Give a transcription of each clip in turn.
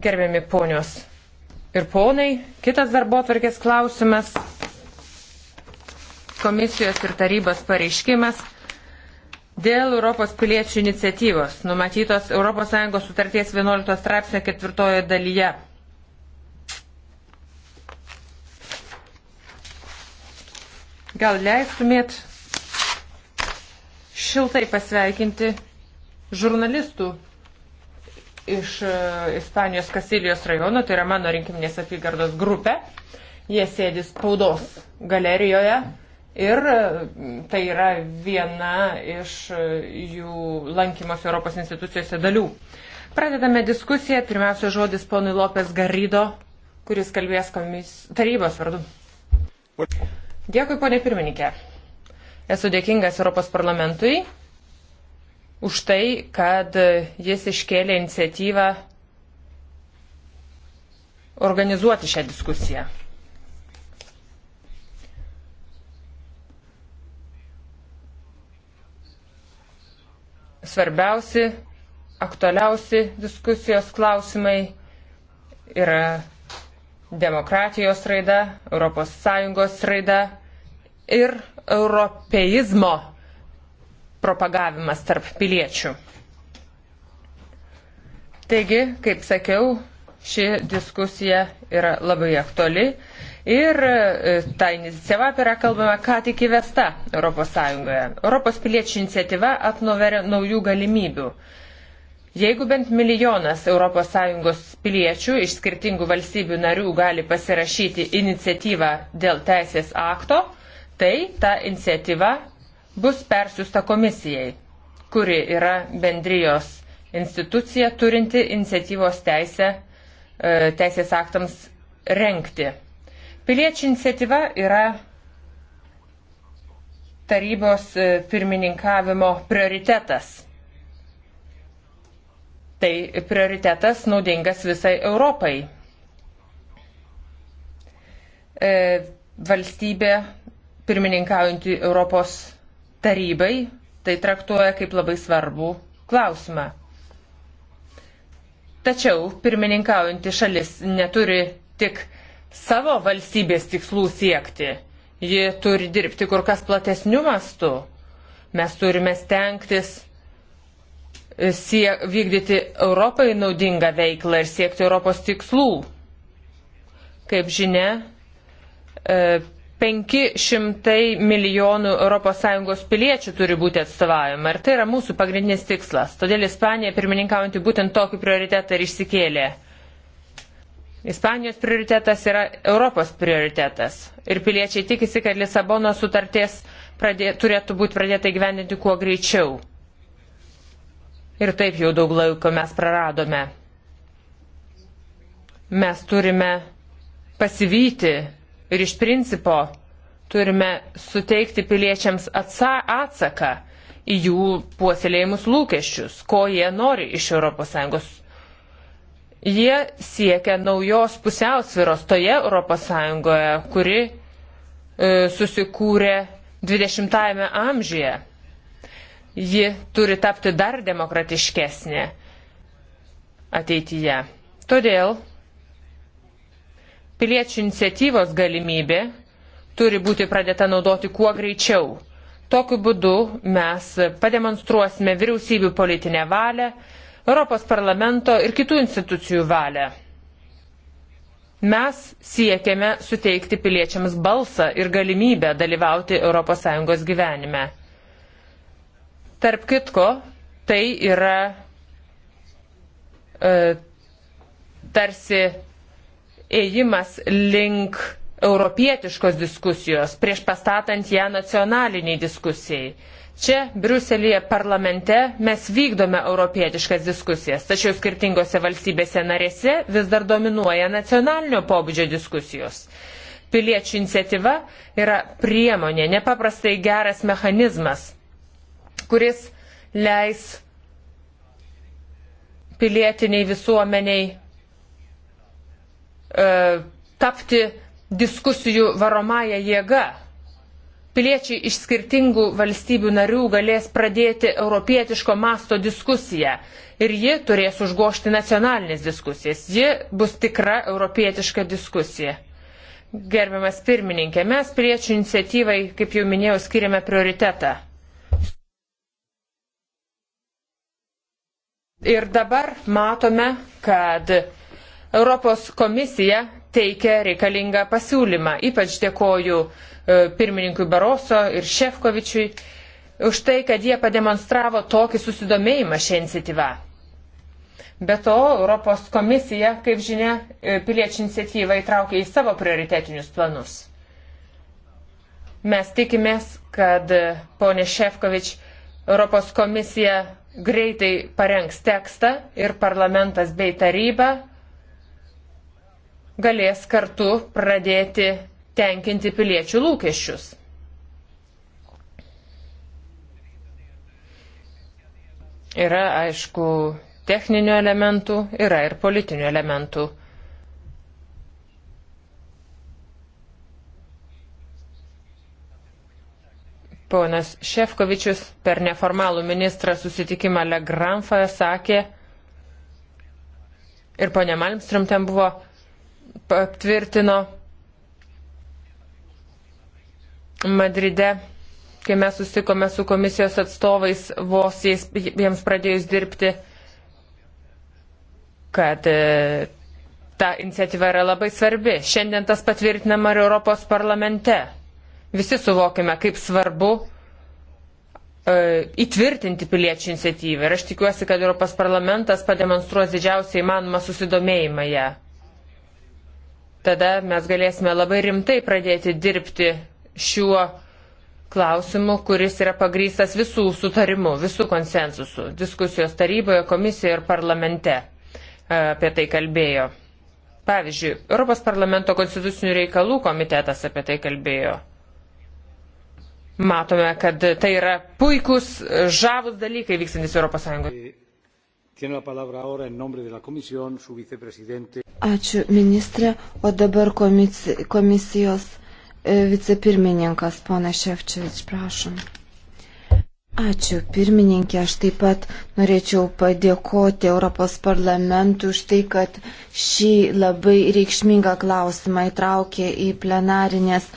Gerbiami ponios ir ponai, kitas darbo atvarkės klausimas - komisijos ir tarybos pareiškimas dėl Europos piliečių iniciatyvos, numatytos ES sutarties 11 straipsnio ketvirtojo dalyje. Gal leistumėt šiltai pasveikinti žurnalistų iš e, Ispanijos Kasilijos rajono, tai yra mano rinkiminės apygardos grupė. Jie sėdi spaudos galerijoje ir e, tai yra viena iš e, jų lankymos Europos institucijose dalių. Pradedame diskusiją. Pirmiausia, žodis ponui Lopės Garydo, kuris kalbės komis... tarybos vardu. Dėkui, ponė pirmininkė. Esu dėkingas Europos parlamentui už tai, kad jis iškėlė iniciatyvą organizuoti šią diskusiją. Svarbiausi, aktualiausi diskusijos klausimai yra demokratijos raida, ES raida ir europeizmo propagavimas tarp piliečių. Taigi, kaip sakiau, ši diskusija yra labai aktuali ir e, ta iniciatyva, apie kurią kalbame, ką tik įvesta ES. Europos piliečių iniciatyva atnoveria naujų galimybių. Jeigu bent milijonas ES piliečių iš skirtingų valstybių narių gali pasirašyti iniciatyvą dėl teisės akto, tai ta iniciatyva bus persiusta komisijai, kuri yra bendrijos institucija turinti iniciatyvos teisę e, teisės aktams renkti. Piliečių iniciatyva yra tarybos e, pirmininkavimo prioritetas. Tai prioritetas naudingas visai Europai. E, valstybė pirmininkaujantį Europos tarybai tai traktuoja kaip labai svarbų klausimą. Tačiau pirmininkaujanti šalis neturi tik savo valstybės tikslų siekti, ji turi dirbti kur kas platesnių mastų. Mes turime stengtis e, siek, vykdyti Europai naudingą veiklą ir siekti Europos tikslų. Kaip žinia, e, 500 milijonų ES piliečių turi būti atstovavimą. Ir tai yra mūsų pagrindinis tikslas. Todėl Ispanija, pirmininkaujantį būtent tokį prioritetą ir išsikėlė. Ispanijos prioritetas yra Europos prioritetas. Ir piliečiai tikisi, kad Lisabono sutarties pradė, turėtų būti pradėta įgyvendinti kuo greičiau. Ir taip jau daug laiko mes praradome. Mes turime pasivyti ir iš principo turime suteikti piliečiams atsa atsaką į jų puoselėjimus lūkesčius, ko jie nori iš ES. Jie siekia naujos pusiausviros toje ES, kuri e, susikūrė 20-ame amžiuje. Ji turi tapti dar demokratiškesnė ateityje. Todėl Piliečių iniciatyvos galimybė turi būti pradėta naudoti kuo greičiau. Tokiu būdu mes pademonstruosime vyriausybių politinę valią, Europos parlamento ir kitų institucijų valią. Mes siekiame suteikti piliečiams balsą ir galimybę dalyvauti ES gyvenime. Tarp kitko, tai yra e, tarsi ėjimas link europietiškos diskusijos, prieš pastatant ją nacionaliniai diskusijai. Čia, Briuselėje parlamente, mes vykdome europietiškas diskusijas, tačiau skirtingose valstybėse narėse vis dar dominuoja nacionalinio pobūdžio diskusijos. Piliečių iniciatyva yra priemonė, nepaprastai geras mechanizmas, kuris leis pilietiniai visuomeniai E, tapti diskusijų varomąją jėgą. Piliečiai iš skirtingų valstybių narių galės pradėti europietiško masto diskusiją ir ji turės užgošti nacionalinės diskusijas. Ji bus tikra europietiška diskusija. Gerbiamas pirmininkė, mes piliečių iniciatyvai, kaip jau minėjau, skiriame prioritetą. Ir dabar matome, kad Europos komisija teikia reikalingą pasiūlymą. Ypač dėkoju e, pirmininkui Baroso ir Šefkovičiui už tai, kad jie pademonstravo tokį susidomėjimą šią iniciatyvą. Be to, Europos komisija, kaip žinia, e, piliečių iniciatyvą įtraukė į savo prioritetinius planus. Mes tikimės, kad e, ponė Šefkovič, Europos komisija greitai parengs tekstą ir parlamentas bei taryba galės kartu pradėti tenkinti piliečių lūkesčius. Yra, aišku, techninių elementų, yra ir politinių elementų. Ponas Šefkovičius per neformalų ministrą susitikimą Legranfoje sakė, ir ponė Malmström ten buvo, patvirtino Madride, kai mes susitikome su komisijos atstovais vos jais, jiems pradėjus dirbti, kad e, ta iniciatyva yra labai svarbi. Šiandien tas patvirtinama ir Europos parlamente. Visi suvokime, kaip svarbu e, įtvirtinti piliečių iniciatyvą. Ir aš tikiuosi, kad Europos parlamentas pademonstruos didžiausiai įmanomą susidomėjimą ją. Tada mes galėsime labai rimtai pradėti dirbti šiuo klausimu, kuris yra pagrystas visų sutarimu, visų konsensusu. Diskusijos taryboje, komisijoje ir parlamente e, apie tai kalbėjo. Pavyzdžiui, Europos parlamento konstitucinių reikalų komitetas apie tai kalbėjo. Matome, kad tai yra puikus, žavus dalykai vykstantis Europos Sąjungoje. Ačiū ministrė, o dabar komisijos e, vicepirmininkas, pana Ševčevič, prašom. Ačiū pirmininkė, aš taip pat norėčiau padėkoti Europos parlamentui už tai, kad šį labai reikšmingą klausimą įtraukė į plenarinės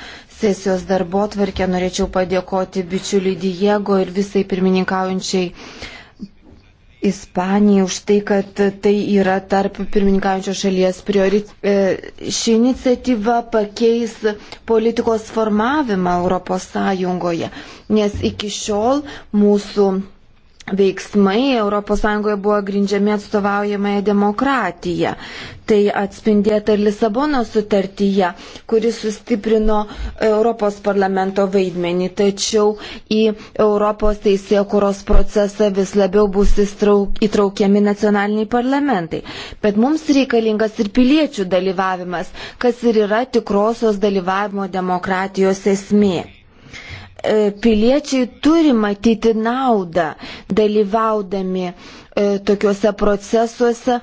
sesijos darbo tvarkę. Norėčiau padėkoti bičiuliui Diego ir visai pirmininkaujančiai Ispanijai už tai, kad tai yra tarp pirmininkaujančios šalies priorit. E, ši iniciatyva pakeis politikos formavimą ES, nes iki šiol mūsų veiksmai ES buvo grindžiami atstovaujamąją demokratiją. Tai atspindėta ir Lisabono sutartyje, kuris sustiprino Europos parlamento vaidmenį, tačiau į Europos teisėjo kuros procesą vis labiau bus įtraukiami nacionaliniai parlamentai. Bet mums reikalingas ir piliečių dalyvavimas, kas ir yra tikrosios dalyvavimo demokratijos esmė. E, piliečiai turi matyti naudą dalyvaudami e, tokiuose procesuose,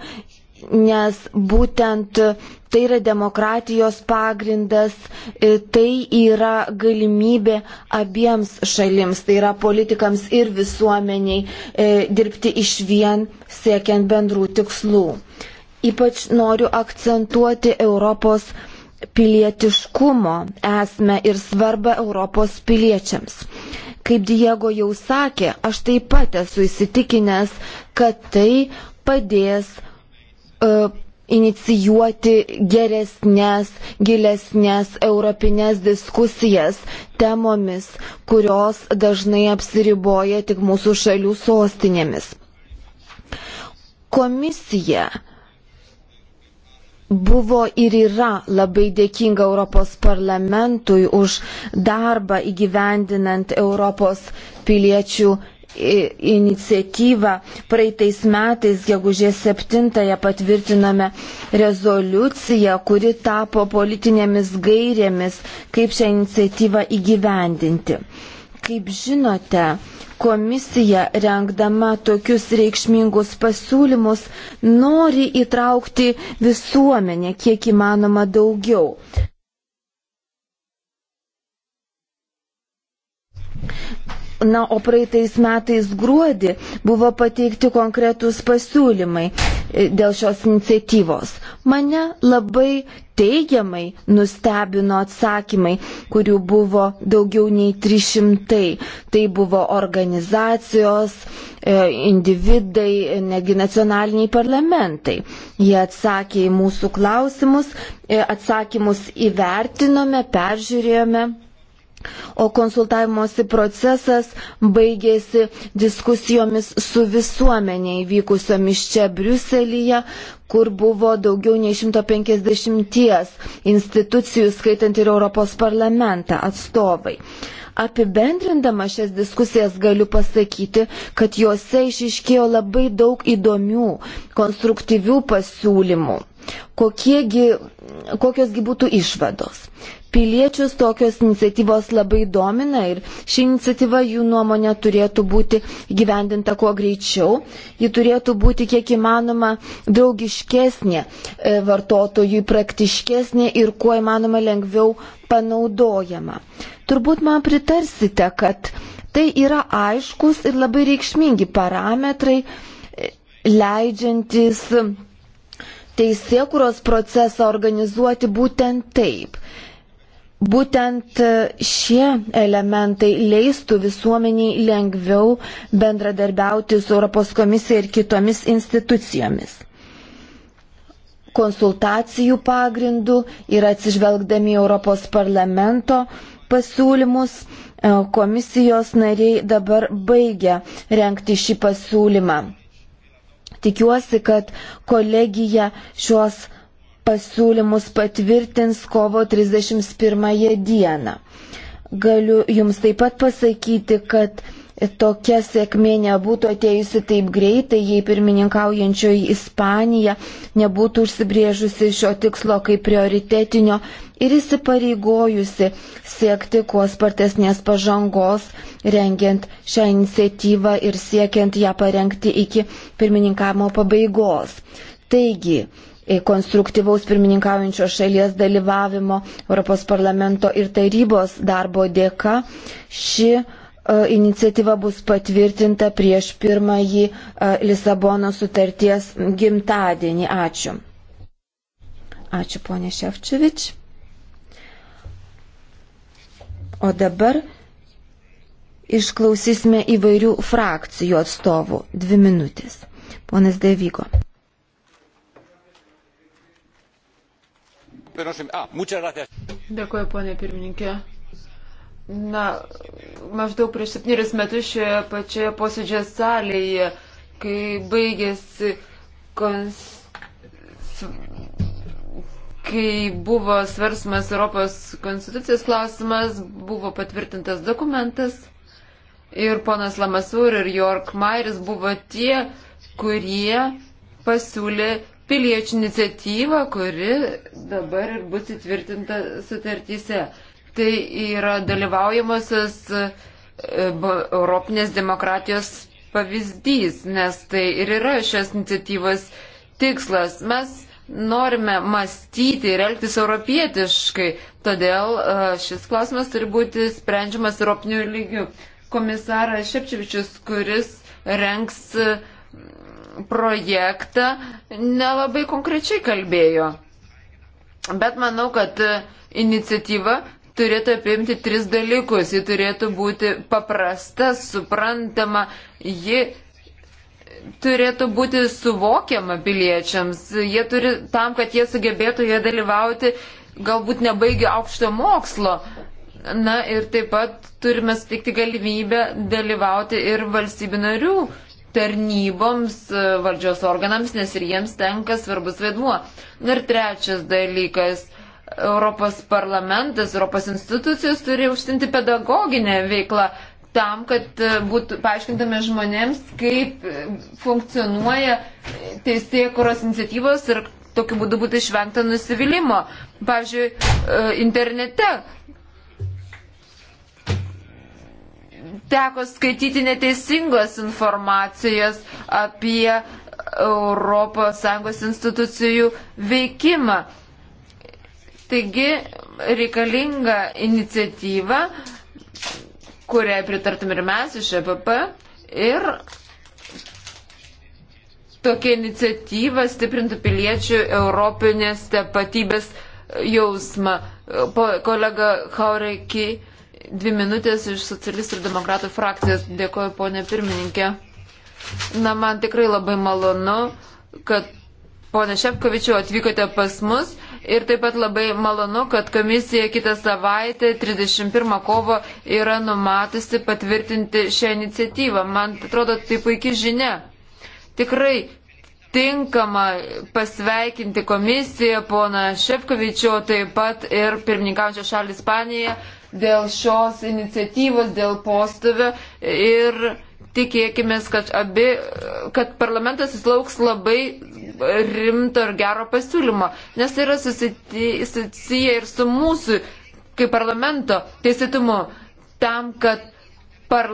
nes būtent tai yra demokratijos pagrindas, e, tai yra galimybė abiems šalims, tai yra politikams ir visuomeniai dirbti iš vien siekiant bendrų tikslų. Ypač noriu akcentuoti Europos pilietiškumo esmę ir svarbą Europos piliečiams. Kaip Diego jau sakė, aš taip pat esu įsitikinęs, kad tai padės uh, inicijuoti geresnės, gilesnės europinės diskusijas temomis, kurios dažnai apsiriboja tik mūsų šalių sostinėmis. Komisija uh, buvo ir yra labai dėkinga Europos parlamentui už darbą įgyvendinant Europos piliečių e, iniciatyvą. Praeitais metais, gegužės 7-ąją, patvirtinome rezoliuciją, kuri tapo politinėmis gairėmis, kaip šią iniciatyvą įgyvendinti. Kaip žinote, komisija renkdama tokius reikšmingus pasiūlymus nori įtraukti visuomenę kiek įmanoma daugiau. Na, o praeitais metais gruodį buvo pateikti konkretus pasiūlymai e, dėl šios iniciatyvos. Mane labai teigiamai nustebino atsakymai, kurių buvo daugiau nei 300. Tai buvo organizacijos, e, individai, e, negi nacionaliniai parlamentai. Jie atsakė į mūsų klausimus, atsakymus įvertinome, peržiūrėjome O konsultavimosi procesas baigėsi diskusijomis su visuomenė įvykusiomis čia Briuselyje, kur buvo daugiau nei 150 institucijų, skaitant ir Europos parlamentą atstovai. Apibendrindama šias diskusijas galiu pasakyti, kad juose išiškėjo labai daug įdomių, konstruktyvių pasiūlymų. Kokiegi, kokiosgi būtų išvados? Piliečius tokios iniciatyvos labai domina ir ši iniciatyva jų nuomonė turėtų būti gyvendinta kuo greičiau, ji turėtų būti kiek įmanoma draugiškesnė e, vartotojui, praktiškesnė ir kuo įmanoma lengviau panaudojama. Turbūt man pritarsite, kad tai yra aiškus ir labai reikšmingi parametrai e, leidžiantis teisėkuros procesą organizuoti būtent taip. Būtent e, šie elementai leistų visuomeniai lengviau bendradarbiauti su Europos komisija ir kitomis institucijomis. Konsultacijų pagrindų ir atsižvelgdami Europos parlamento pasiūlymus e, komisijos nariai dabar baigia renkti šį pasiūlymą. Tikiuosi, kad kolegija šiuos pasiūlymus patvirtins kovo 31 dieną. Galiu Jums taip pat pasakyti, kad tokia sėkmė nebūtų atėjusi taip greitai, jei pirmininkaujančioji Ispanija nebūtų užsibrėžusi šio tikslo kaip prioritetinio ir įsipareigojusi siekti kuo spartesnės pažangos, rengiant šią iniciatyvą ir siekiant ją parengti iki pirmininkavimo pabaigos. Taigi, E, konstruktyvaus pirmininkaujančios šalies dalyvavimo Europos parlamento ir tarybos darbo dėka ši e, iniciatyva bus patvirtinta prieš pirmąjį e, Lisabono sutarties gimtadienį. Ačiū. Ačiū, ponė Ševčevič. O dabar išklausysime įvairių frakcijų atstovų. Dvi minutės. Ponas Devygo. Ah, Dėkuoju, ponė pirmininkė. Na, maždaug prieš septynerius metus šioje pačioje posėdžio salėje, kai baigėsi, kons... kai buvo svarsmas Europos konstitucijos klausimas, buvo patvirtintas dokumentas ir ponas Lamasur ir York Mairis buvo tie, kurie pasiūlė piliečių iniciatyvą, kuri dabar ir bus įtvirtinta sutartyse. Tai yra dalyvaujamosios e, Europinės demokratijos pavyzdys, nes tai ir yra šios iniciatyvos tikslas. Mes norime mąstyti ir elgtis europietiškai, todėl e, šis klausimas turi būti sprendžiamas europinių lygių. Komisaras Šepčevičius, kuris renks projektą nelabai konkrečiai kalbėjo. Bet manau, kad iniciatyva turėtų apimti tris dalykus. Ji turėtų būti paprasta, suprantama, ji turėtų būti suvokiama piliečiams. Jie turi tam, kad jie sugebėtų joje dalyvauti, galbūt nebaigia aukšto mokslo. Na ir taip pat turime sutikti galimybę dalyvauti ir valstybių narių tarnyboms, e, valdžios organams, nes ir jiems tenka svarbus vaidmuo. Ir trečias dalykas. Europos parlamentas, Europos institucijos turi užsinti pedagoginę veiklą tam, kad e, būtų paaiškintame žmonėms, kaip e, funkcionuoja teisėkuros iniciatyvos ir tokiu būdu būtų išvengta nusivylimą. Pavyzdžiui, internete teko skaityti neteisingos informacijos apie ES institucijų veikimą. Taigi reikalinga iniciatyva, kuriai pritartum ir mes iš EPP. Ir tokia iniciatyva stiprintų piliečių europinės tapatybės jausmą. Po, kolega Haureki Dvi minutės iš socialistų ir demokratų frakcijos. Dėkoju, ponė pirmininkė. Na, man tikrai labai malonu, kad ponė Šepkovičiu atvykote pas mus. Ir taip pat labai malonu, kad komisija kitą savaitę, 31 kovo, yra numatusi patvirtinti šią iniciatyvą. Man atrodo, tai puikia žinia. Tikrai tinkama pasveikinti komisiją, poną Šefkovičio, taip pat ir pirmininkaujančią šalį Ispaniją dėl šios iniciatyvos, dėl postuvio ir tikėkime, kad, abi, kad parlamentas susilauks labai rimto ir gero pasiūlymo, nes tai yra susiję ir su mūsų kaip parlamento teisėtumu tam, kad, par,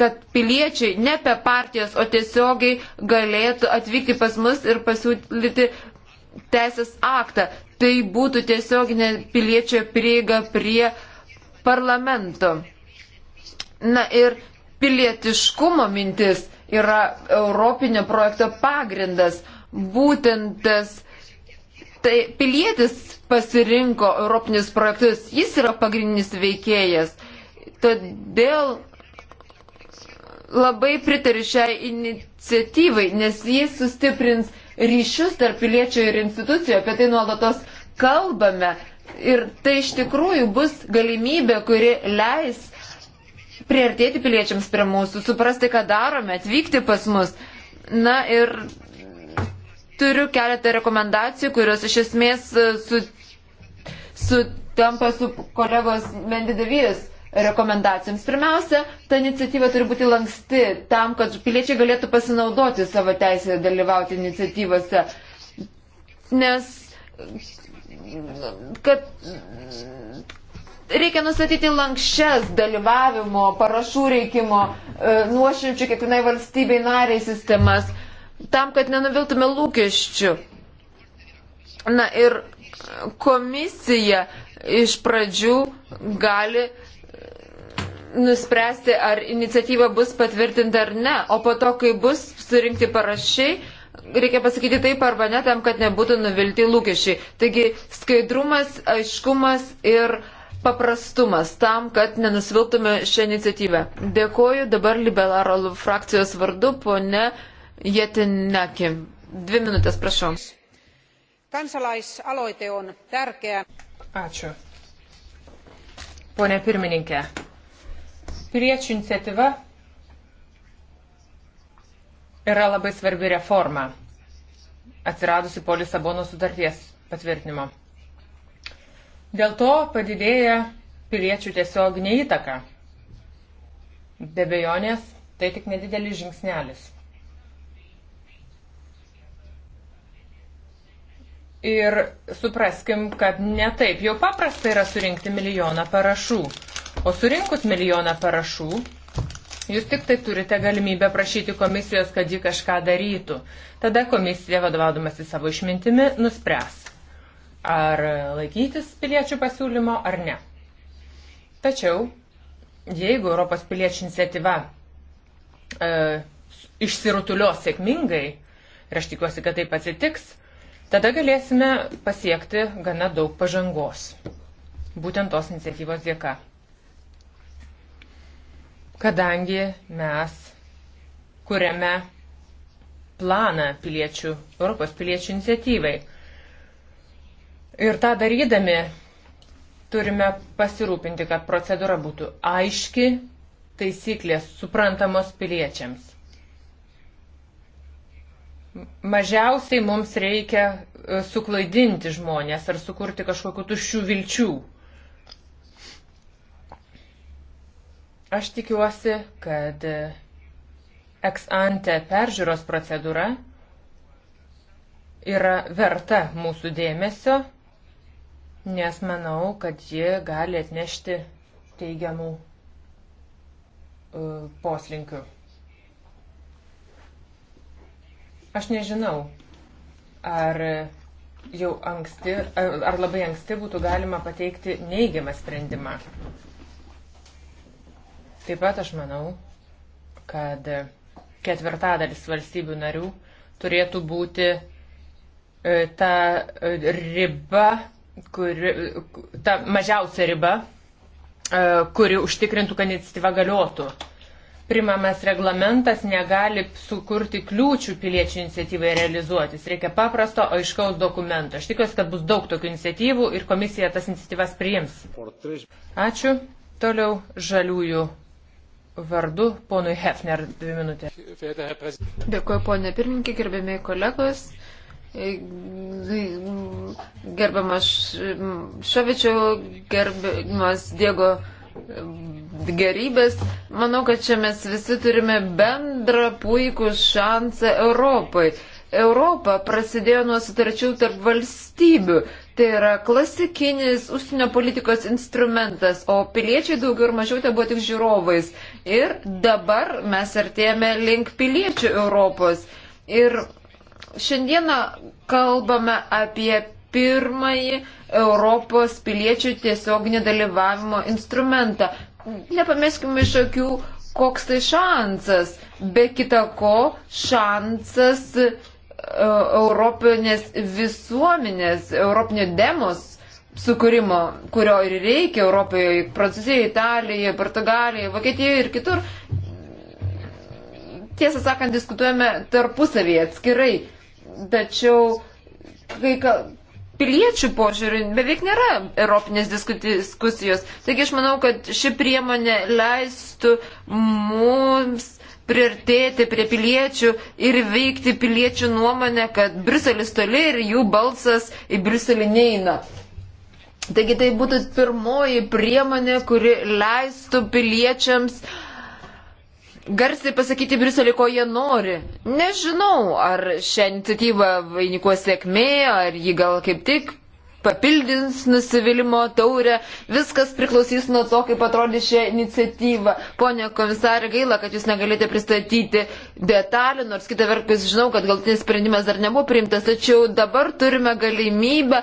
kad piliečiai ne apie partijas, o tiesiogiai galėtų atvykti pas mus ir pasiūlyti teisės aktą. Tai būtų tiesioginė piliečio prieiga prie uh, parlamentu. Na ir pilietiškumo mintis yra Europinio projekto pagrindas. Būtent tas tai pilietis pasirinko Europinius projektus, jis yra pagrindinis veikėjas. Todėl labai pritariu šiai iniciatyvai, nes jis sustiprins ryšius tarp piliečių ir institucijų, apie tai nuolatos kalbame. Ir tai iš tikrųjų bus galimybė, kuri leis priartėti piliečiams prie mūsų, suprasti, ką darome, atvykti pas mus. Na ir turiu keletą rekomendacijų, kurios iš esmės e, su, sutampa su kolegos Mendidavijas rekomendacijoms. Pirmiausia, ta iniciatyva turi būti lanksti tam, kad piliečiai galėtų pasinaudoti savo teisę dalyvauti iniciatyvose. Nes kad reikia nustatyti lankščias dalyvavimo, parašų reikimo, e, nuošimčių kiekvienai valstybei nariai sistemas, tam, kad nenuviltume lūkesčių. Na ir komisija iš pradžių gali nuspręsti, ar iniciatyva bus patvirtinta ar ne, o po to, kai bus surinkti parašiai, reikia pasakyti taip arba ne tam, kad nebūtų nuvilti lūkesčiai. Taigi skaidrumas, aiškumas ir paprastumas tam, kad nenusiviltume šią iniciatyvą. Dėkoju dabar liberalų frakcijos vardu, ponė Jetinaki. Dvi minutės, prašau. Kansalaisaloite on tärkeä. Ačiū. Pone pirmininkė, piliečių iniciatyva yra labai svarbi reforma, atsiradusi po Lisabono sutarties patvirtinimo. Dėl to padidėja piliečių tiesioginė įtaka. Be bejonės, tai tik nedidelis žingsnelis. Ir supraskim, kad ne taip jau paprasta yra surinkti milijoną parašų. O surinkus milijoną parašų, Jūs tik tai turite galimybę prašyti komisijos, kad ji kažką darytų. Tada komisija, vadovaudamasi savo išmintimi, nuspręs, ar laikytis piliečių pasiūlymo ar ne. Tačiau, jeigu Europos piliečių iniciatyva e, išsirutulios sėkmingai, ir aš tikiuosi, kad taip atsitiks, tada galėsime pasiekti gana daug pažangos. Būtent tos iniciatyvos dėka kadangi mes kuriame planą piliečių, Europos piliečių iniciatyvai. Ir tą darydami turime pasirūpinti, kad procedūra būtų aiški, taisyklės suprantamos piliečiams. Mažiausiai mums reikia e, suklaidinti žmonės ar sukurti kažkokiu tuščių vilčių Aš tikiuosi, kad ex ante peržiūros procedūra yra verta mūsų dėmesio, nes manau, kad ji gali atnešti teigiamų e, poslinkių. Aš nežinau, ar jau anksti, ar labai anksti būtų galima pateikti neigiamą sprendimą. Taip pat aš manau, kad ketvirtadalis valstybių narių turėtų būti e, ta e, riba, kuri, ta mažiausia riba, e, kuri užtikrintų, kad iniciatyva galiotų. Primamas reglamentas negali sukurti kliūčių piliečių iniciatyvai realizuotis. Reikia paprasto, aiškaus dokumento. Aš tikiuosi, kad bus daug tokių iniciatyvų ir komisija tas iniciatyvas priims. Ačiū. Toliau žaliųjų vardu ponui Hefner dvi minutės. Dėkuoju, ponė pirmininkė, gerbėmiai kolegos. Gerbiamas Šovičiau, gerbiamas Diego gerybės. Manau, kad čia mes visi turime bendrą puikų šansą Europai. Europa prasidėjo nuo sutarčių tarp valstybių. Tai yra klasikinis užsienio politikos instrumentas, o piliečiai daugiau ir mažiau tai buvo tik žiūrovais. Ir dabar mes artėjame link piliečių Europos. Ir šiandieną kalbame apie pirmąjį Europos piliečių tiesioginį dalyvavimo instrumentą. Nepamėskime iš akių, koks tai šansas. Be kita ko, šansas Europinės visuomenės, Europinio demos sukūrimo, kurio ir reikia Europoje, Prancūzijoje, Italijoje, Portugalijoje, Vokietijoje ir kitur. Tiesą sakant, diskutuojame tarpusavėje atskirai, tačiau kai piliečių požiūrių beveik nėra Europinės diskusijos. Taigi aš manau, kad ši priemonė leistų mums priartėti prie piliečių ir veikti piliečių nuomonę, kad Briuselis toli ir jų balsas į Briuselį neina. Taigi tai būtų pirmoji priemonė, kuri leistų piliečiams garsiai pasakyti Briuselį, ko jie nori. Nežinau, ar šią iniciatyvą vainikuos sėkmė, ar ji gal kaip tik papildys nusivylimų taurę. Viskas priklausys nuo to, kaip atrodys šią iniciatyvą. Pone komisarė, gaila, kad jūs negalite pristatyti detalių, nors kitą vertus žinau, kad galtinis sprendimas dar nebuvo priimtas, tačiau dabar turime galimybę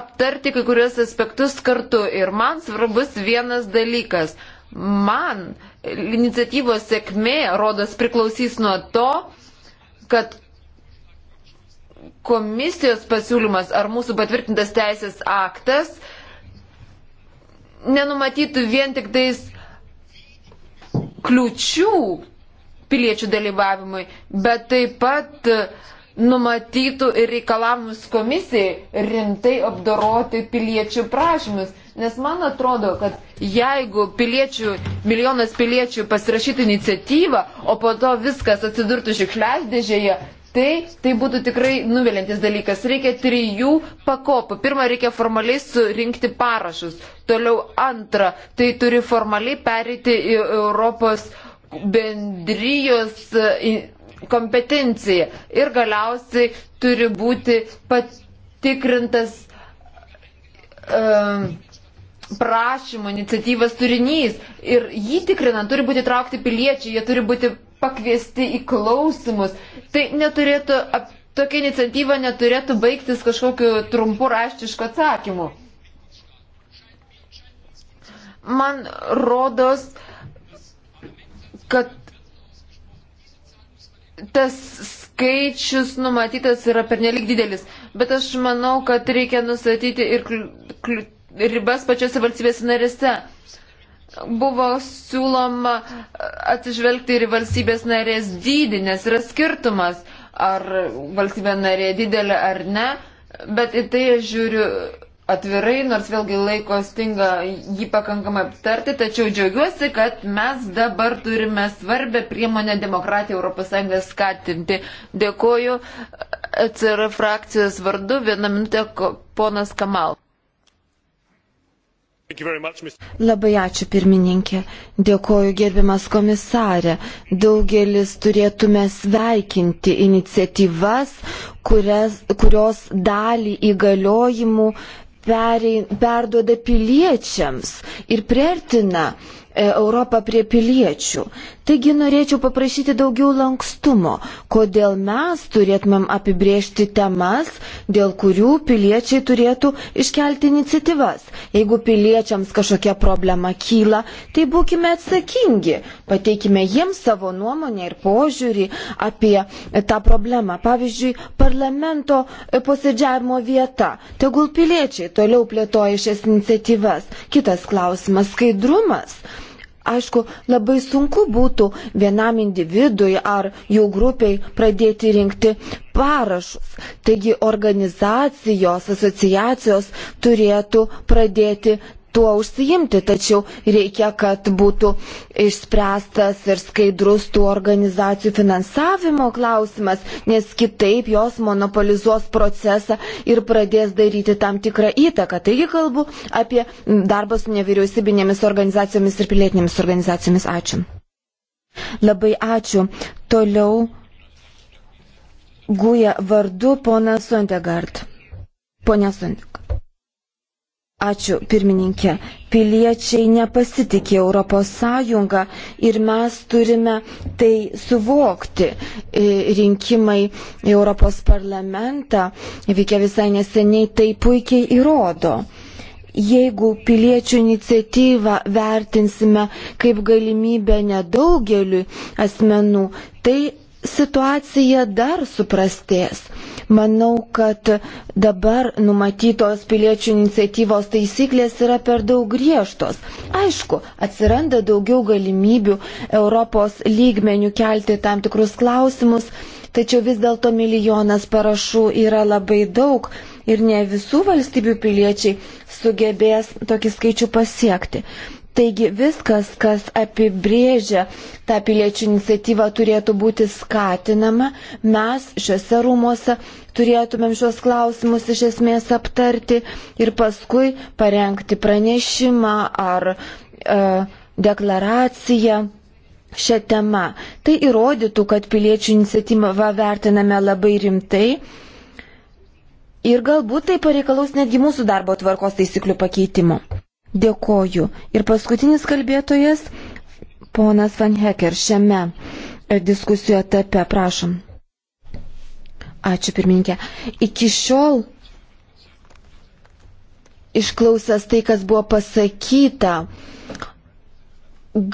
aptarti kai kurios aspektus kartu. Ir man svarbus vienas dalykas. Man iniciatyvos sėkmė, rodos, priklausys nuo to, kad komisijos pasiūlymas ar mūsų patvirtintas teisės aktas nenumatytų vien tik tais kliučių piliečių dalyvavimui, bet taip pat numatytų ir reikalavimus komisijai rimtai apdoroti piliečių prašymus. Nes man atrodo, kad jeigu piliečių, milijonas piliečių pasirašytų iniciatyvą, o po to viskas atsidurtų šiukšliasdėžėje, tai, tai būtų tikrai nuvilintis dalykas. Reikia trijų pakopų. Pirmą reikia formaliai surinkti parašus. Toliau antrą, tai turi formaliai perėti į Europos bendrijos e, kompetenciją. Ir galiausiai turi būti patikrintas um, prašymo iniciatyvas turinys. Ir jį tikrinant turi būti traukti piliečiai, jie turi būti pakviesti į klausimus. Tai neturėtų, tokia iniciatyva neturėtų baigtis kažkokiu trumpu raštišku atsakymu. Man rodos, kad tas skaičius numatytas yra pernelik didelis, bet aš manau, kad reikia nustatyti ir ribas pačiose valstybėse narėse buvo siūloma e, atsižvelgti ir į valstybės narės dydį, nes yra skirtumas, ar valstybė narė didelė ar ne, bet į tai aš žiūriu atvirai, nors vėlgi laiko stinga jį pakankamai aptarti, tačiau džiaugiuosi, kad mes dabar turime svarbę priemonę demokratiją ES skatinti. Dėkoju ECR frakcijos vardu, vieną minutę ponas Kamal. Labai ačiū pirmininkė. Dėkoju gerbiamas komisarė. Daugelis turėtume sveikinti iniciatyvas, kurias, kurios dalį įgaliojimų perei, perduoda piliečiams ir priartina e, Europą prie piliečių. Taigi norėčiau paprašyti daugiau lankstumo, kodėl mes turėtumėm apibriežti temas, dėl kurių piliečiai turėtų iškelti iniciatyvas. Jeigu piliečiams kažkokia problema kyla, tai būkime atsakingi, pateikime jiems savo nuomonę ir požiūrį apie tą problemą. Pavyzdžiui, parlamento posėdžiavimo vieta. Tegul piliečiai toliau plėtoja šias iniciatyvas. Kitas klausimas - skaidrumas. Aišku, labai sunku būtų vienam individui ar jų grupiai pradėti rinkti parašus. Taigi organizacijos, asociacijos turėtų pradėti tuo užsiimti, tačiau reikia, kad būtų išspręstas ir skaidrus tų organizacijų finansavimo klausimas, nes kitaip jos monopolizuos procesą ir pradės daryti tam tikrą įtaką. Taigi kalbu apie darbą su nevyriausybinėmis organizacijomis ir pilietinėmis organizacijomis. Ačiū. Labai ačiū. Toliau guja vardu ponas Sondegard. Pone Sondegard. Ačiū, pirmininkė. Piliečiai nepasitikė Europos Sąjungą ir mes turime tai suvokti. E, rinkimai Europos parlamentą vykę visai neseniai tai puikiai įrodo. Jeigu piliečių iniciatyvą vertinsime kaip galimybę nedaugeliu asmenų, tai situacija dar suprastės. Manau, kad dabar numatytos piliečių iniciatyvos taisyklės yra per daug griežtos. Aišku, atsiranda daugiau galimybių Europos lygmenių kelti tam tikrus klausimus, tačiau vis dėlto milijonas parašų yra labai daug ir ne visų valstybių piliečiai sugebės tokį skaičių pasiekti. Taigi viskas, kas apibrėžia tą piliečių iniciatyvą, turėtų būti skatinama. Mes šiuose rūmose turėtumėm šios klausimus iš esmės aptarti ir paskui parengti pranešimą ar e, deklaraciją šią temą. Tai įrodytų, kad piliečių iniciatyvą vertiname labai rimtai. Ir galbūt tai pareikalaus netgi mūsų darbo tvarkos taisyklių pakeitimo. Dėkoju. Ir paskutinis kalbėtojas, ponas Van Hecker, šiame e, diskusijų etape, prašom. Ačiū pirmininkė. Iki šiol išklausęs tai, kas buvo pasakyta,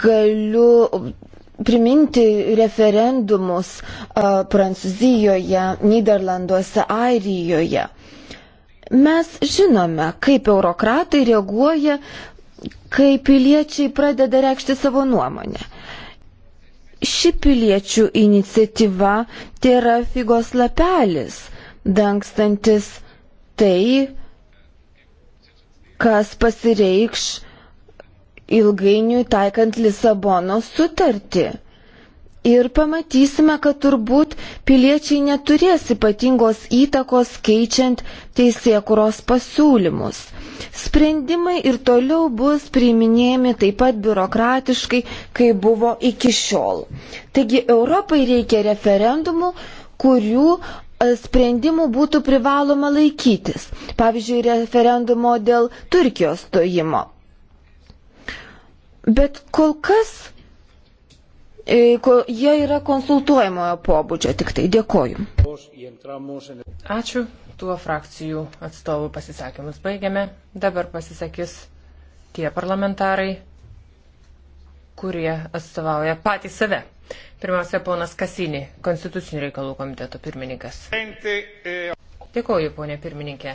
galiu priminti referendumus Prancūzijoje, Niderlanduose, Airijoje. Mes žinome, kaip eurokratai reaguoja, kai piliečiai pradeda reikšti savo nuomonę. Ši piliečių iniciatyva tai yra figos lapelis, dangstantis tai, kas pasireikš ilgainiui taikant Lisabono sutartį ir pamatysime, kad turbūt piliečiai neturės ypatingos įtakos keičiant teisėkuros pasiūlymus. Sprendimai ir toliau bus priiminėjami taip pat biurokratiškai, kai buvo iki šiol. Taigi Europai reikia referendumų, kurių e, sprendimų būtų privaloma laikytis. Pavyzdžiui, referendumo dėl Turkijos stojimo. Bet kol kas E, jie yra konsultuojamojo pobūdžio, tik tai dėkoju. Ačiū, tuo frakcijų atstovų pasisakymus baigiame. Dabar pasisakys tie parlamentarai, kurie atstovauja patį save. Pirmiausia, ponas Kasinį, Konstitucinių reikalų komiteto pirmininkas. Dėkoju, ponė pirmininkė.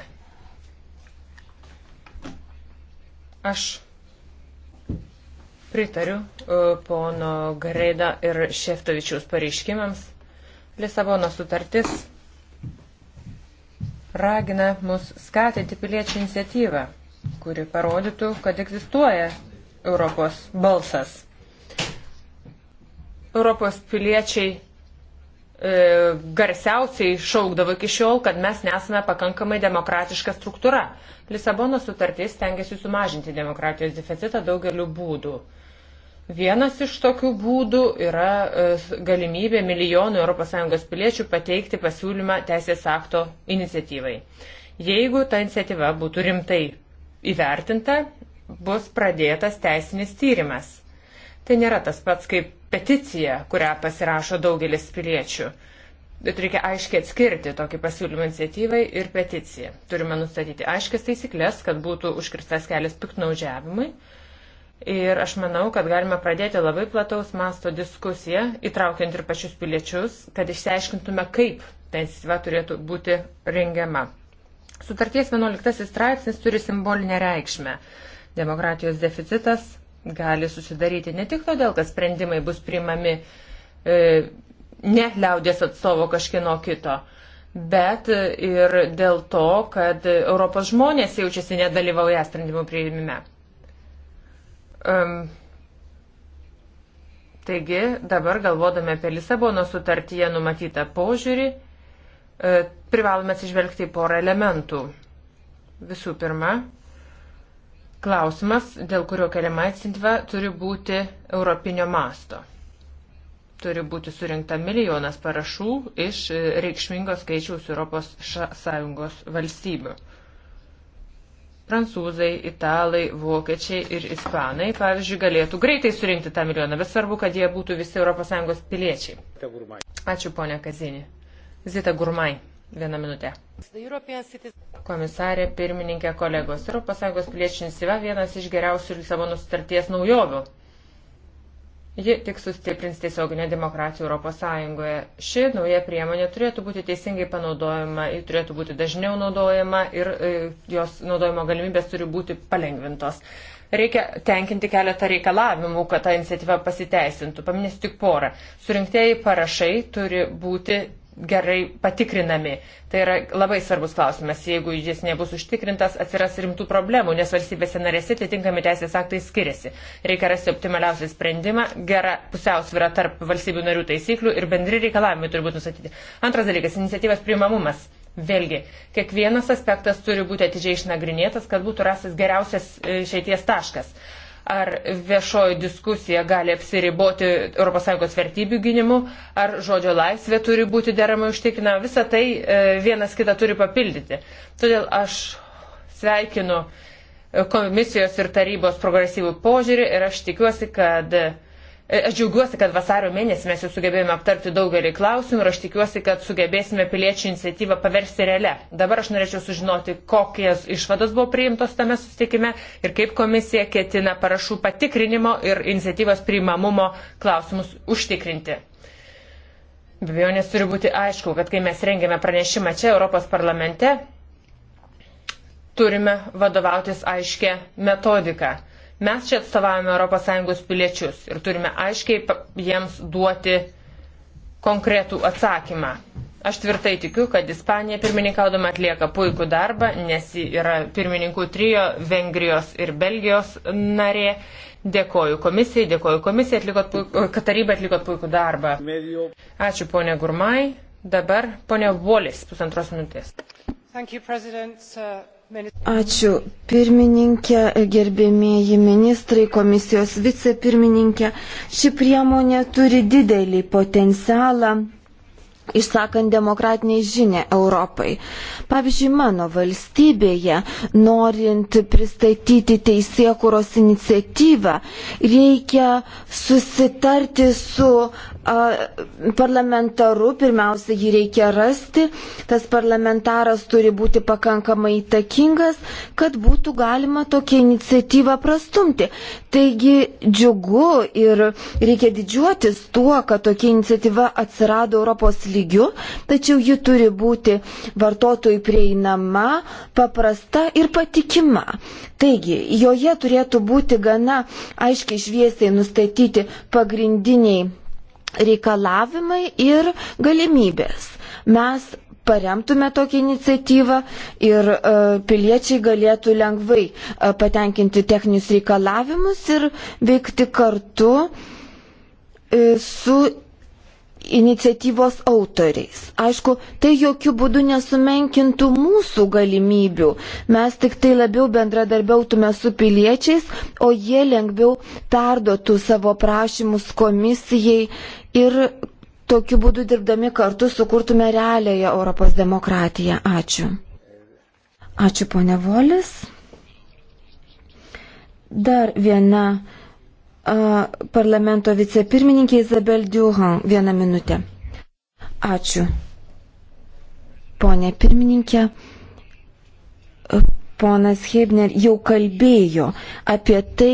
Aš Pritariu e, pono Gareida ir Šeftovičiaus pareiškimams. Lisabono sutartis ragina mus skatinti piliečių iniciatyvą, kuri parodytų, kad egzistuoja Europos balsas. Europos piliečiai e, garsiausiai šaukdavo iki šiol, kad mes nesame pakankamai demokratiška struktūra. Lisabono sutartis tengiasi sumažinti demokratijos deficitą daugeliu būdų. Vienas iš tokių būdų yra e, galimybė milijonų ES piliečių pateikti pasiūlymą teisės akto iniciatyvai. Jeigu ta iniciatyva būtų rimtai įvertinta, bus pradėtas teisinis tyrimas. Tai nėra tas pats kaip peticija, kurią pasirašo daugelis piliečių. Bet reikia aiškiai atskirti tokį pasiūlymą iniciatyvai ir peticiją. Turime nustatyti aiškias taisyklės, kad būtų užkirstas kelias piknaudžiavimui Ir aš manau, kad galime pradėti labai plataus masto diskusiją, įtraukiant ir pačius piliečius, kad išsiaiškintume, kaip ta iniciatyva turėtų būti rengiama. Sutarties 11 straipsnis turi simbolinę reikšmę. Demokratijos deficitas gali susidaryti ne tik todėl, kad sprendimai bus priimami e, ne liaudės atstovo kažkieno kito, bet ir dėl to, kad Europos žmonės jaučiasi nedalyvauja sprendimų priimime. Um, taigi dabar galvodami apie Lisabono sutartyje numatytą požiūrį, e, privalome atsižvelgti į porą elementų. Visų pirma, klausimas, dėl kurio keliama atsintiva, turi būti europinio masto. Turi būti surinkta milijonas parašų iš e, reikšmingos skaičiaus Europos Sąjungos valstybių. Prancūzai, italai, vokiečiai ir ispanai, pavyzdžiui, galėtų greitai surinkti tą milijoną, bet svarbu, kad jie būtų visi ES piliečiai. Ačiū, ponia Kazinė. Zita Gurmai. Vieną minutę. Komisarė, pirmininkė, kolegos. ES piliečių iniciatyva vienas iš geriausių Lisabono sutarties naujovių. Ji tik sustiprins tiesioginę demokratiją Europos Sąjungoje. Ši nauja priemonė turėtų būti teisingai panaudojama, ji turėtų būti dažniau naudojama ir e, jos naudojimo galimybės turi būti palengvintos. Reikia tenkinti keletą reikalavimų, kad ta iniciatyva pasiteisintų. Paminėsiu tik porą. Surinktieji parašai turi būti gerai patikrinami. Tai yra labai svarbus klausimas. Jeigu jis nebus užtikrintas, atsiras rimtų problemų, nes valstybėse narėse atitinkami teisės aktai skiriasi. Reikia rasti optimaliausią sprendimą, gerą pusiausvyrą tarp valstybių narių taisyklių ir bendri reikalavimai turi būti nusatyti. Antras dalykas - iniciatyvas priimamumas. Vėlgi, kiekvienas aspektas turi būti atidžiai išnagrinėtas, kad būtų rastas geriausias e, išeities taškas ar viešoji diskusija gali apsiriboti ES vertybių gynimu, ar žodžio laisvė turi būti deramai užtikrina, visa tai e, vienas kitą turi papildyti. Todėl aš sveikinu komisijos ir tarybos progresyvų požiūrį ir aš tikiuosi, kad E, aš džiaugiuosi, kad vasario mėnesį mes jau sugebėjome aptarti daugelį klausimų ir aš tikiuosi, kad sugebėsime piliečių iniciatyvą paversti realią. Dabar aš norėčiau sužinoti, kokios išvados buvo priimtos tame sustikime ir kaip komisija ketina parašų patikrinimo ir iniciatyvos priimamumo klausimus užtikrinti. Be abejo, nes turi būti aišku, kad kai mes rengiame pranešimą čia Europos parlamente, turime vadovautis aiškę metodiką. Mes čia atstovavome ES piliečius ir turime aiškiai jiems duoti konkretų atsakymą. Aš tvirtai tikiu, kad Ispanija pirmininkaudama atlieka puikų darbą, nes ji yra pirmininkų trijo Vengrijos ir Belgijos narė. Dėkoju komisijai, dėkoju komisijai, atlikot puikų, kad taryba atlikot puikų darbą. Ačiū ponė Gurmai. Dabar ponė Volis, pusantros minutės. Thank you, President. Uh... Ačiū pirmininkė, gerbėmėji ministrai, komisijos vicepirmininkė. Ši priemonė turi didelį potencialą išsakant demokratiniai žinę Europai. Pavyzdžiui, mano valstybėje, norint pristatyti teisėkuros iniciatyvą, reikia susitarti su parlamentaru, pirmiausia, jį reikia rasti, tas parlamentaras turi būti pakankamai įtakingas, kad būtų galima tokią iniciatyvą prastumti. Taigi džiugu ir reikia didžiuotis tuo, kad tokia iniciatyva atsirado Europos lygiu, tačiau ji turi būti vartotojų prieinama, paprasta ir patikima. Taigi, joje turėtų būti gana aiškiai šviesiai nustatyti pagrindiniai reikalavimai ir galimybės. Mes paremtume tokią iniciatyvą ir e, piliečiai galėtų lengvai e, patenkinti techninius reikalavimus ir veikti kartu e, su iniciatyvos autoriais. Aišku, tai jokių būdų nesumenkintų mūsų galimybių. Mes tik tai labiau bendradarbiautume su piliečiais, o jie lengviau perdotų savo prašymus komisijai ir tokiu būdu dirbdami kartu sukurtume realiąją Europos demokratiją. Ačiū. Ačiū, ponė Volis. Dar viena a, parlamento vicepirmininkė Izabel Duhan. Vieną minutę. Ačiū. Pone pirmininkė, ponas Hebner jau kalbėjo apie tai,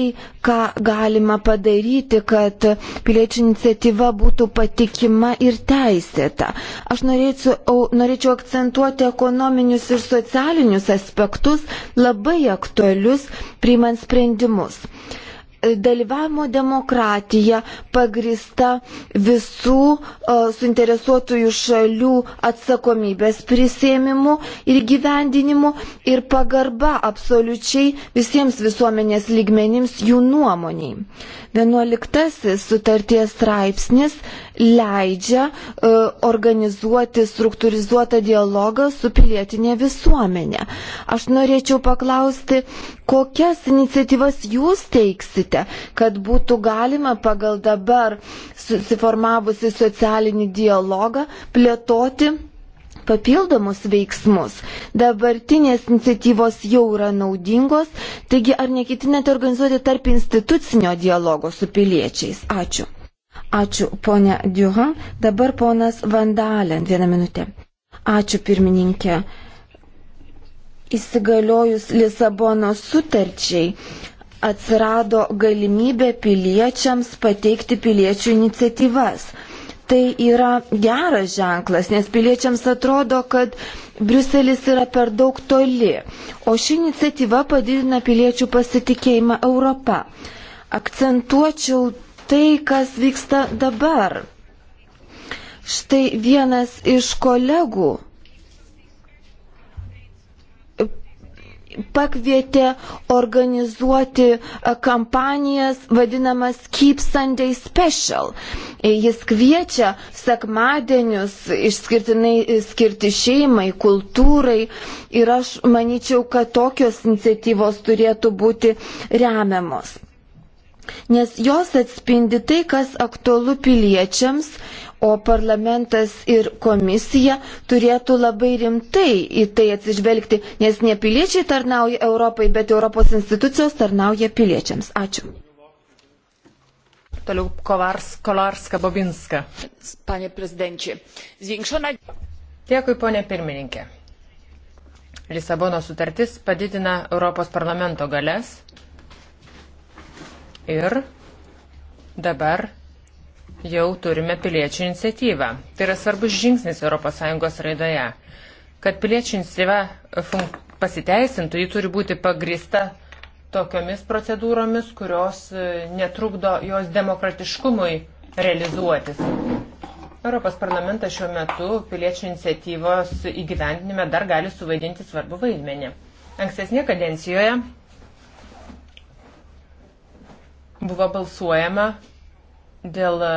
ką galima padaryti, kad piliečių iniciatyva būtų patikima ir teisėta. Aš norėčiau, norėčiau akcentuoti ekonominius ir socialinius aspektus labai aktualius priimant sprendimus. Uh, dalyvavimo demokratija pagrista visų e, suinteresuotųjų šalių atsakomybės prisėmimu ir gyvendinimu ir pagarba absoliučiai visiems visuomenės lygmenims jų nuomoniai. Vienuoliktasis sutarties straipsnis leidžia uh, organizuoti struktūrizuotą dialogą su pilietinė visuomenė. Aš norėčiau paklausti, kokias iniciatyvas jūs teiksite? savaitę, kad būtų galima pagal dabar susiformavusi socialinį dialogą plėtoti papildomus veiksmus. Dabartinės iniciatyvos jau yra naudingos, taigi ar nekitinate organizuoti tarp institucinio dialogo su piliečiais? Ačiū. Ačiū, ponia Diuha. Dabar ponas Vandalė, vieną minutę. Ačiū, pirmininkė. Įsigaliojus Lisabono sutarčiai, atsirado galimybė piliečiams pateikti piliečių iniciatyvas. Tai yra geras ženklas, nes piliečiams atrodo, kad Briuselis yra per daug toli, o ši iniciatyva padidina piliečių pasitikėjimą Europą. Akcentuočiau tai, kas vyksta dabar. Štai vienas iš kolegų pakvietė organizuoti e, kampanijas vadinamas Keep Sunday Special. E, jis kviečia sekmadienius išskirtinai e, skirti šeimai, kultūrai ir aš manyčiau, kad tokios iniciatyvos turėtų būti remiamos. Nes jos atspindi tai, kas aktualu piliečiams, o parlamentas ir komisija turėtų labai rimtai į tai atsižvelgti, nes ne piliečiai tarnauja Europai, bet Europos institucijos tarnauja piliečiams. Ačiū. Toliau Kovars, Kolarska Bobinska. Panie prezidentė, zvinkšona. Dėkui, ponė pirmininkė. Lisabono sutartis padidina Europos parlamento galės ir dabar jau turime piliečių iniciatyvą. Tai yra svarbus žingsnis ES raidoje. Kad piliečių iniciatyva e, pasiteisintų, ji turi būti pagrįsta tokiomis procedūromis, kurios e, netrukdo jos demokratiškumui realizuotis. Europos parlamentas šiuo metu piliečių iniciatyvos įgyvendinime dar gali suvaidinti svarbu vaidmenį. Ankstesnėje kadencijoje buvo balsuojama dėl e,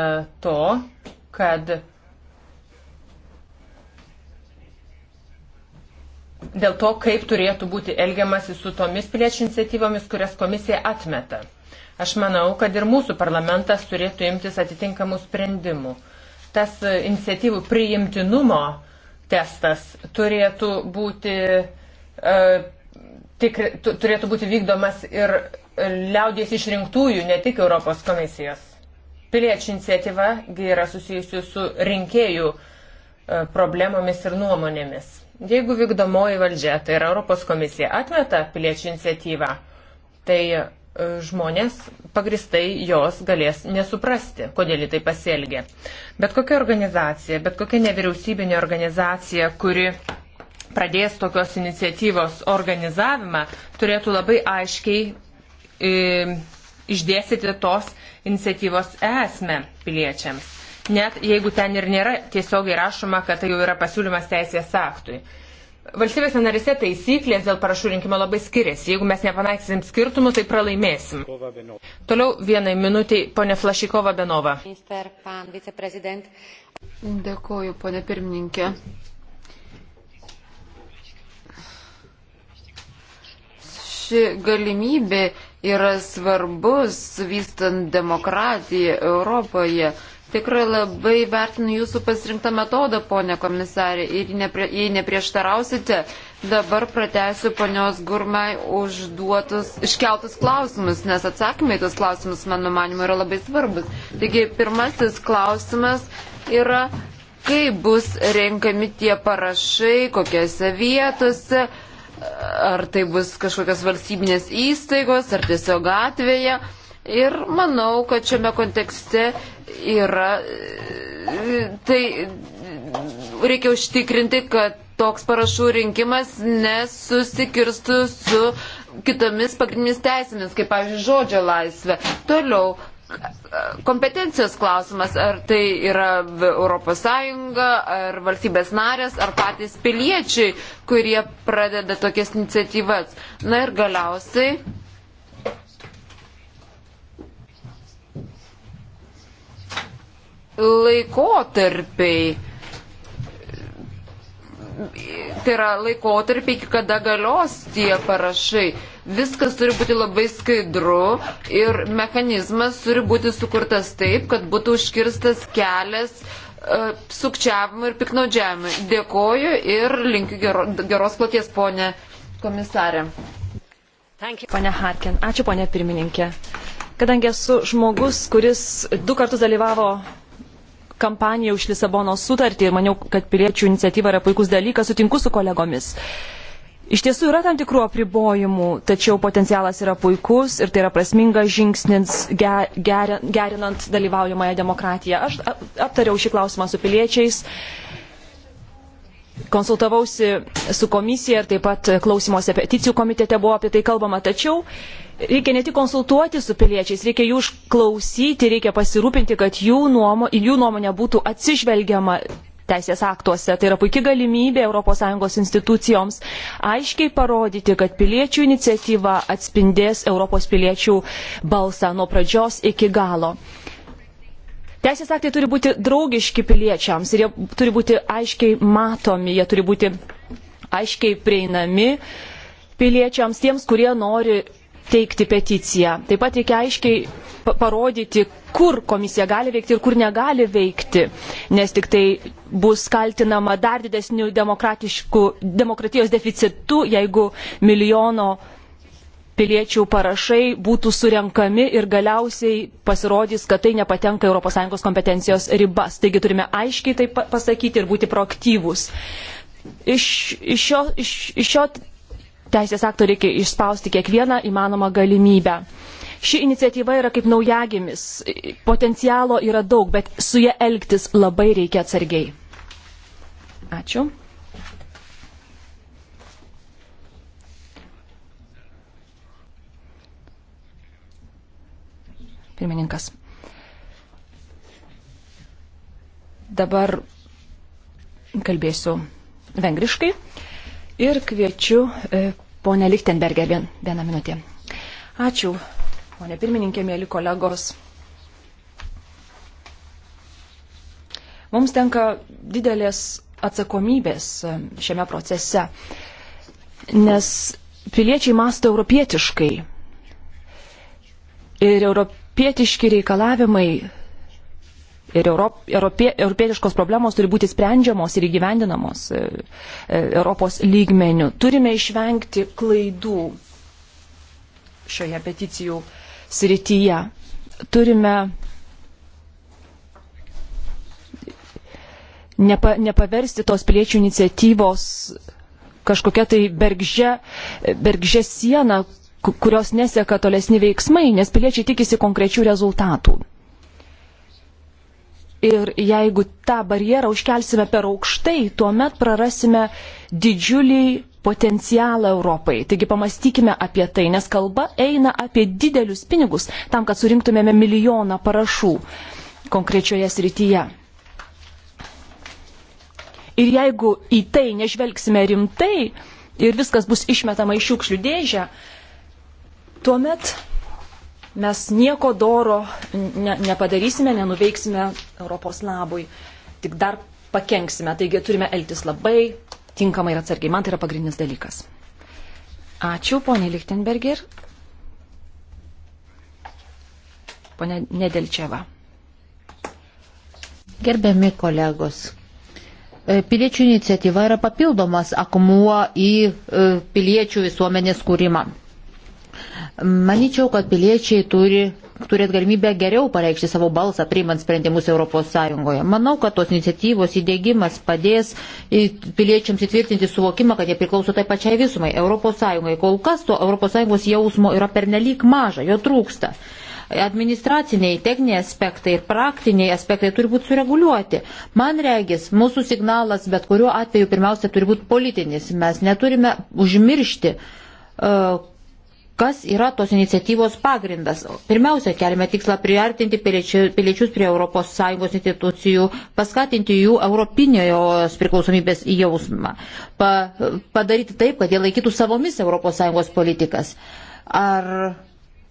to, kad dėl to, kaip turėtų būti elgiamasi su tomis piliečių iniciatyvomis, kurias komisija atmeta. Aš manau, kad ir mūsų parlamentas turėtų imtis atitinkamų sprendimų. Tas e, iniciatyvų priimtinumo testas turėtų būti, e, tikri, turėtų būti vykdomas ir liaudies išrinktųjų, ne tik Europos komisijos. Piliečių iniciatyva yra susijusi su rinkėjų e, problemomis ir nuomonėmis. Jeigu vykdomoji valdžia, tai yra Europos komisija, atmeta piliečių iniciatyvą, tai e, žmonės pagristai jos galės nesuprasti, kodėl jį tai pasielgė. Bet kokia organizacija, bet kokia nevyriausybinė organizacija, kuri pradės tokios iniciatyvos organizavimą, turėtų labai aiškiai e, išdėstyti tos iniciatyvos esmę piliečiams. Net jeigu ten ir nėra tiesiogiai rašoma, kad tai jau yra pasiūlymas teisės aktui. Valstybėse narise taisyklės dėl parašų rinkimo labai skiriasi. Jeigu mes nepanaiksim skirtumų, tai pralaimėsim. Toliau vienai minutiai, ponė Flašikova Benova. Dėkoju, ponė pirmininkė. Ši galimybė yra svarbus vystant demokratiją Europoje. Tikrai labai vertinu jūsų pasirinktą metodą, ponė komisarė, ir neprie, jei neprieštarausite, dabar pratęsiu ponios Gurmai užduotus, iškeltus klausimus, nes atsakymai tuos klausimus, mano manimu, yra labai svarbus. Taigi, pirmasis klausimas yra, kaip bus renkami tie parašai, kokiose vietose, uh, ar tai bus kažkokios valstybinės įstaigos, ar tiesiog gatvėje. Ir manau, kad šiame kontekste yra, tai reikia užtikrinti, kad toks parašų rinkimas nesusikirstų su kitomis pagrindinėmis teisėmis, kaip, pavyzdžiui, žodžio laisvė. Toliau kompetencijos klausimas, ar tai yra ES, ar valstybės narės, ar patys piliečiai, kurie pradeda tokias iniciatyvas. Na ir galiausiai. Laikotarpiai tai yra laikotarpiai, iki kada galios tie parašai. Viskas turi būti labai skaidru ir mechanizmas turi būti sukurtas taip, kad būtų užkirstas kelias uh, sukčiavimui ir piknaudžiavimui. Dėkoju ir linkiu gero, geros kloties, ponė komisarė. Pane Harkin, ačiū ponė pirmininkė. Kadangi esu žmogus, kuris du kartus dalyvavo kampaniją už Lisabono sutartį ir maniau, kad piliečių iniciatyva yra puikus dalykas, sutinku su kolegomis. Iš tiesų yra tam tikrų apribojimų, tačiau potencialas yra puikus ir tai yra prasmingas žingsnis ger, gerinant dalyvaujamąją demokratiją. Aš aptariau šį klausimą su piliečiais, konsultavausi su komisija ir taip pat klausimuose peticijų komitete buvo apie tai kalbama, tačiau reikia ne tik konsultuoti su piliečiais, reikia jų išklausyti, reikia pasirūpinti, kad jų, nuomo, jų nuomonė būtų atsižvelgiama teisės aktuose. Tai yra puikia galimybė ES institucijoms aiškiai parodyti, kad piliečių iniciatyva atspindės Europos piliečių balsą nuo pradžios iki galo. Teisės aktai turi būti draugiški piliečiams ir jie turi būti aiškiai matomi, jie turi būti aiškiai prieinami piliečiams, tiems, kurie nori teikti peticiją. Taip pat reikia aiškiai parodyti, kur komisija gali veikti ir kur negali veikti, nes tik tai bus kaltinama dar didesniu demokratijos deficitu, jeigu milijono piliečių parašai būtų surenkami ir galiausiai pasirodys, kad tai nepatenka ES kompetencijos ribas. Taigi turime aiškiai tai pasakyti ir būti proaktyvūs. Iš, iš, šio, iš, iš šio teisės akto reikia išspausti kiekvieną įmanomą galimybę. Ši iniciatyva yra kaip naujagimis, potencialo yra daug, bet su ja elgtis labai reikia atsargiai. Ačiū. Pirmininkas. Dabar kalbėsiu vengriškai. Ir kviečiu e, ponę Lichtenbergę vien, vieną minutę. Ačiū, ponė pirmininkė, mėly kolegos. Mums tenka didelės atsakomybės e, šiame procese, nes piliečiai masto europietiškai. Ir europietiški reikalavimai Ir europie, europietiškos problemos turi būti sprendžiamos ir įgyvendinamos e, e, Europos lygmenių. Turime išvengti klaidų šioje peticijų srityje. Turime nepa, nepaversti tos piliečių iniciatyvos kažkokia tai bergžė, bergžė siena, kurios neseka tolesni veiksmai, nes piliečiai tikisi konkrečių rezultatų. Ir jeigu tą barjerą užkelsime per aukštai, tuomet prarasime didžiulį potencialą Europai. Taigi pamastykime apie tai, nes kalba eina apie didelius pinigus tam, kad surinktumėme milijoną parašų konkrečioje srityje. Ir jeigu į tai nežvelgsime rimtai ir viskas bus išmetama į šiukšlių dėžę, tuomet mes nieko doro ne, nepadarysime, nenuveiksime Europos labui, tik dar pakenksime. Taigi turime elgtis labai tinkamai ir atsargiai. Man tai yra pagrindinis dalykas. Ačiū, ponė Lichtenberger. Pone Nedelčeva. Gerbiami kolegos, e, piliečių iniciatyva yra papildomas akmuo į e, piliečių visuomenės kūrimą. Maničiau, kad piliečiai turi turėt galimybę geriau pareikšti savo balsą, priimant sprendimus ES. Manau, kad tos iniciatyvos įdėgymas padės piliečiams įtvirtinti suvokimą, kad jie priklauso tai pačiai visumai ES. Kol kas to ES jausmo yra pernelyg maža, jo trūksta. Administraciniai, techniniai aspektai ir praktiniai aspektai turi būti sureguliuoti. Man regis, mūsų signalas bet kuriuo atveju pirmiausia turi būti politinis. Mes neturime užmiršti, uh, kas yra tos iniciatyvos pagrindas. Pirmiausia, keliame tikslą priartinti piliečius prie ES institucijų, paskatinti jų europinės priklausomybės jausmą, pa, padaryti taip, kad jie laikytų savomis ES politikas. Ar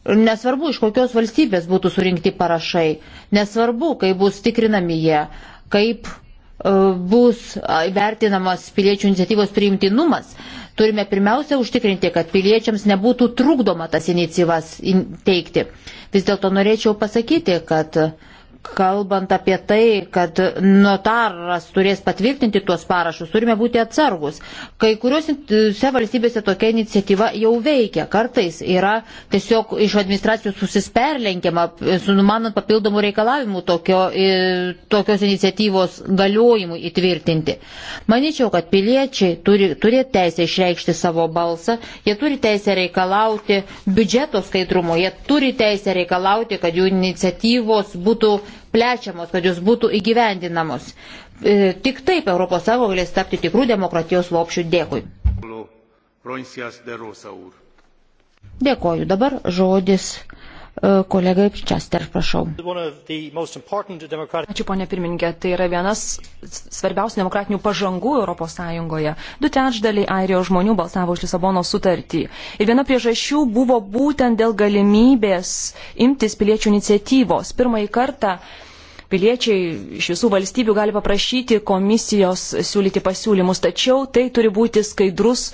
nesvarbu, iš kokios valstybės būtų surinkti parašai, nesvarbu, kaip bus tikrinami jie, kaip e, bus vertinamas piliečių iniciatyvos priimtinumas. Uh, Turime pirmiausia užtikrinti, kad piliečiams nebūtų trukdoma tas iniciatyvas teikti. Vis dėlto norėčiau pasakyti, kad uh, kalbant apie tai, kad notaras turės patvirtinti tuos parašus, turime būti atsargus. Kai kuriuose valstybėse tokia iniciatyva jau veikia. Kartais yra tiesiog iš administracijos susisperlenkiama, numanant papildomų reikalavimų tokio, tokios iniciatyvos galiojimui įtvirtinti. Maničiau, kad piliečiai turi, turi teisę išreikšti savo balsą, jie turi teisę reikalauti biudžeto skaidrumo, jie turi teisę reikalauti, kad jų iniciatyvos būtų plečiamos, kad jos būtų įgyvendinamos. E, tik taip ES galės tapti tikrų demokratijos lopšių. Dėkui. Dėkoju. Dabar žodis kolegai Čester, prašau. Ačiū, ponė pirmininkė. Tai yra vienas svarbiausių demokratinių pažangų ES. Du trečdaliai airijos žmonių balsavo už Lisabono sutartį. Ir viena priežasčių buvo būtent dėl galimybės imtis piliečių iniciatyvos. Pirmąjį kartą piliečiai iš visų valstybių gali paprašyti komisijos siūlyti pasiūlymus, tačiau tai turi būti skaidrus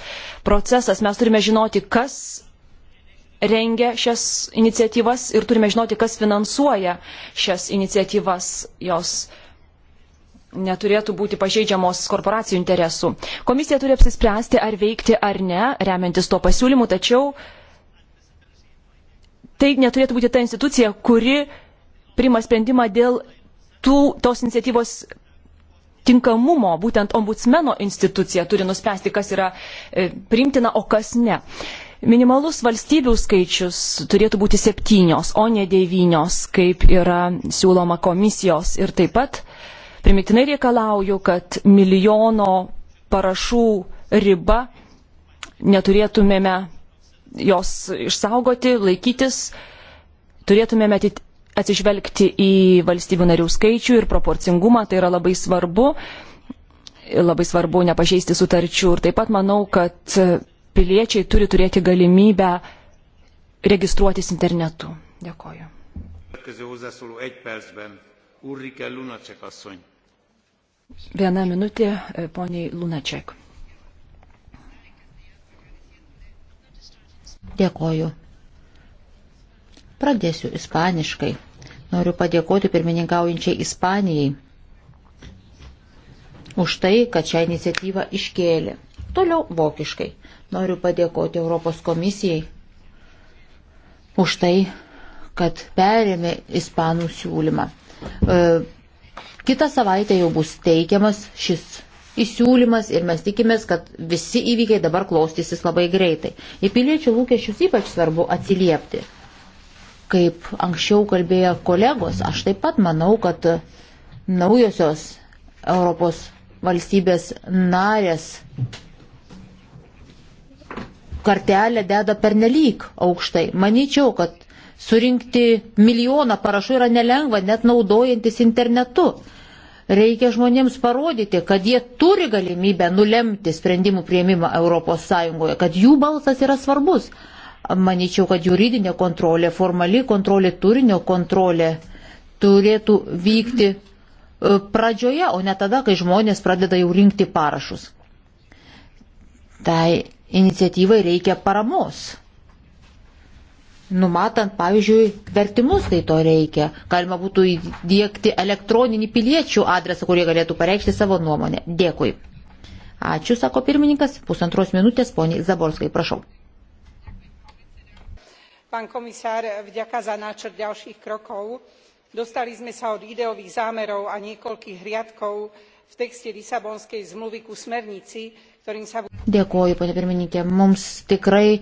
procesas. Mes turime žinoti, kas rengia šias iniciatyvas ir turime žinoti, kas finansuoja šias iniciatyvas. Jos neturėtų būti pažeidžiamos korporacijų interesų. Komisija turi apsispręsti, ar veikti ar ne, remiantis tuo pasiūlymu, tačiau tai neturėtų būti ta institucija, kuri priima sprendimą dėl tų, tos iniciatyvos tinkamumo, būtent ombudsmeno institucija turi nuspręsti, kas yra e, priimtina, o kas ne. Minimalus valstybių skaičius turėtų būti septynios, o ne devynios, kaip yra siūloma komisijos. Ir taip pat primiktinai reikalauju, kad milijono parašų riba neturėtumėme jos išsaugoti, laikytis, turėtumėme atsižvelgti į valstybių narių skaičių ir proporcingumą, tai yra labai svarbu, labai svarbu nepažeisti sutarčių ir taip pat manau, kad piliečiai turi turėti galimybę registruotis internetu. Dėkoju. Viena minutė, e, poniai Lunaček. Dėkoju. Pradėsiu ispaniškai. Noriu padėkoti pirmininkaujančiai Ispanijai už tai, kad šią iniciatyvą iškėlė. Toliau vokiškai. Noriu padėkoti Europos komisijai už tai, kad perėmė Ispanų siūlymą. E, kitą savaitę jau bus teikiamas šis įsiūlymas ir mes tikimės, kad visi įvykiai dabar klostysis labai greitai. Į piliečių lūkesčius ypač svarbu atsiliepti. Kaip anksčiau kalbėjo kolegos, aš taip pat manau, kad naujosios Europos valstybės narės kartelę deda pernelyg aukštai. Manyčiau, kad surinkti milijoną parašų yra nelengva, net naudojantis internetu. Reikia žmonėms parodyti, kad jie turi galimybę nulemti sprendimų prieimimą ES, kad jų balsas yra svarbus. Manyčiau, kad juridinė kontrolė, formali kontrolė, turinio kontrolė turėtų vykti e, pradžioje, o ne tada, kai žmonės pradeda jau rinkti parašus. Tai iniciatyvai reikia paramos. Numatant, pavyzdžiui, vertimus, tai to reikia. Galima būtų įdėkti elektroninį piliečių adresą, kurie galėtų pareikšti savo nuomonę. Dėkui. Ačiū, sako pirmininkas. Pusantros minutės, poniai Zaborskai, prašau. Pán komisár, vďaka za náčrt ďalších krokov. Dostali sme sa od ideových zámerov a niekoľkých hriadkov v texte Lisabonskej zmluvy ku smernici, Dėkuoju, ponė pirmininkė. Mums tikrai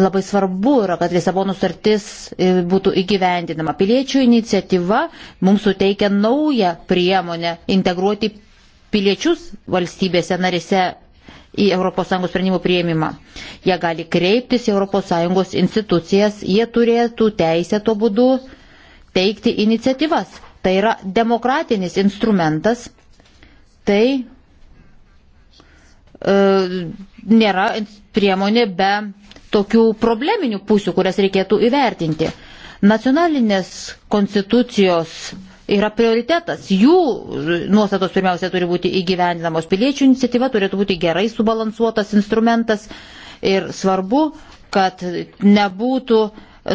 labai svarbu yra, kad Lisabono sutartis e, būtų įgyvendinama. Piliečių iniciatyva mums suteikia naują priemonę integruoti piliečius valstybėse narise į ES sprendimų prieimimą. Jie gali kreiptis į ES institucijas, jie turėtų teisę tuo būdu teikti iniciatyvas. Tai yra demokratinis instrumentas, tai E, nėra priemonė be tokių probleminių pusių, kurias reikėtų įvertinti. Nacionalinės konstitucijos yra prioritetas. Jų nuostatos pirmiausia turi būti įgyvendinamos. Piliečių iniciatyva turėtų būti gerai subalansuotas instrumentas ir svarbu, kad nebūtų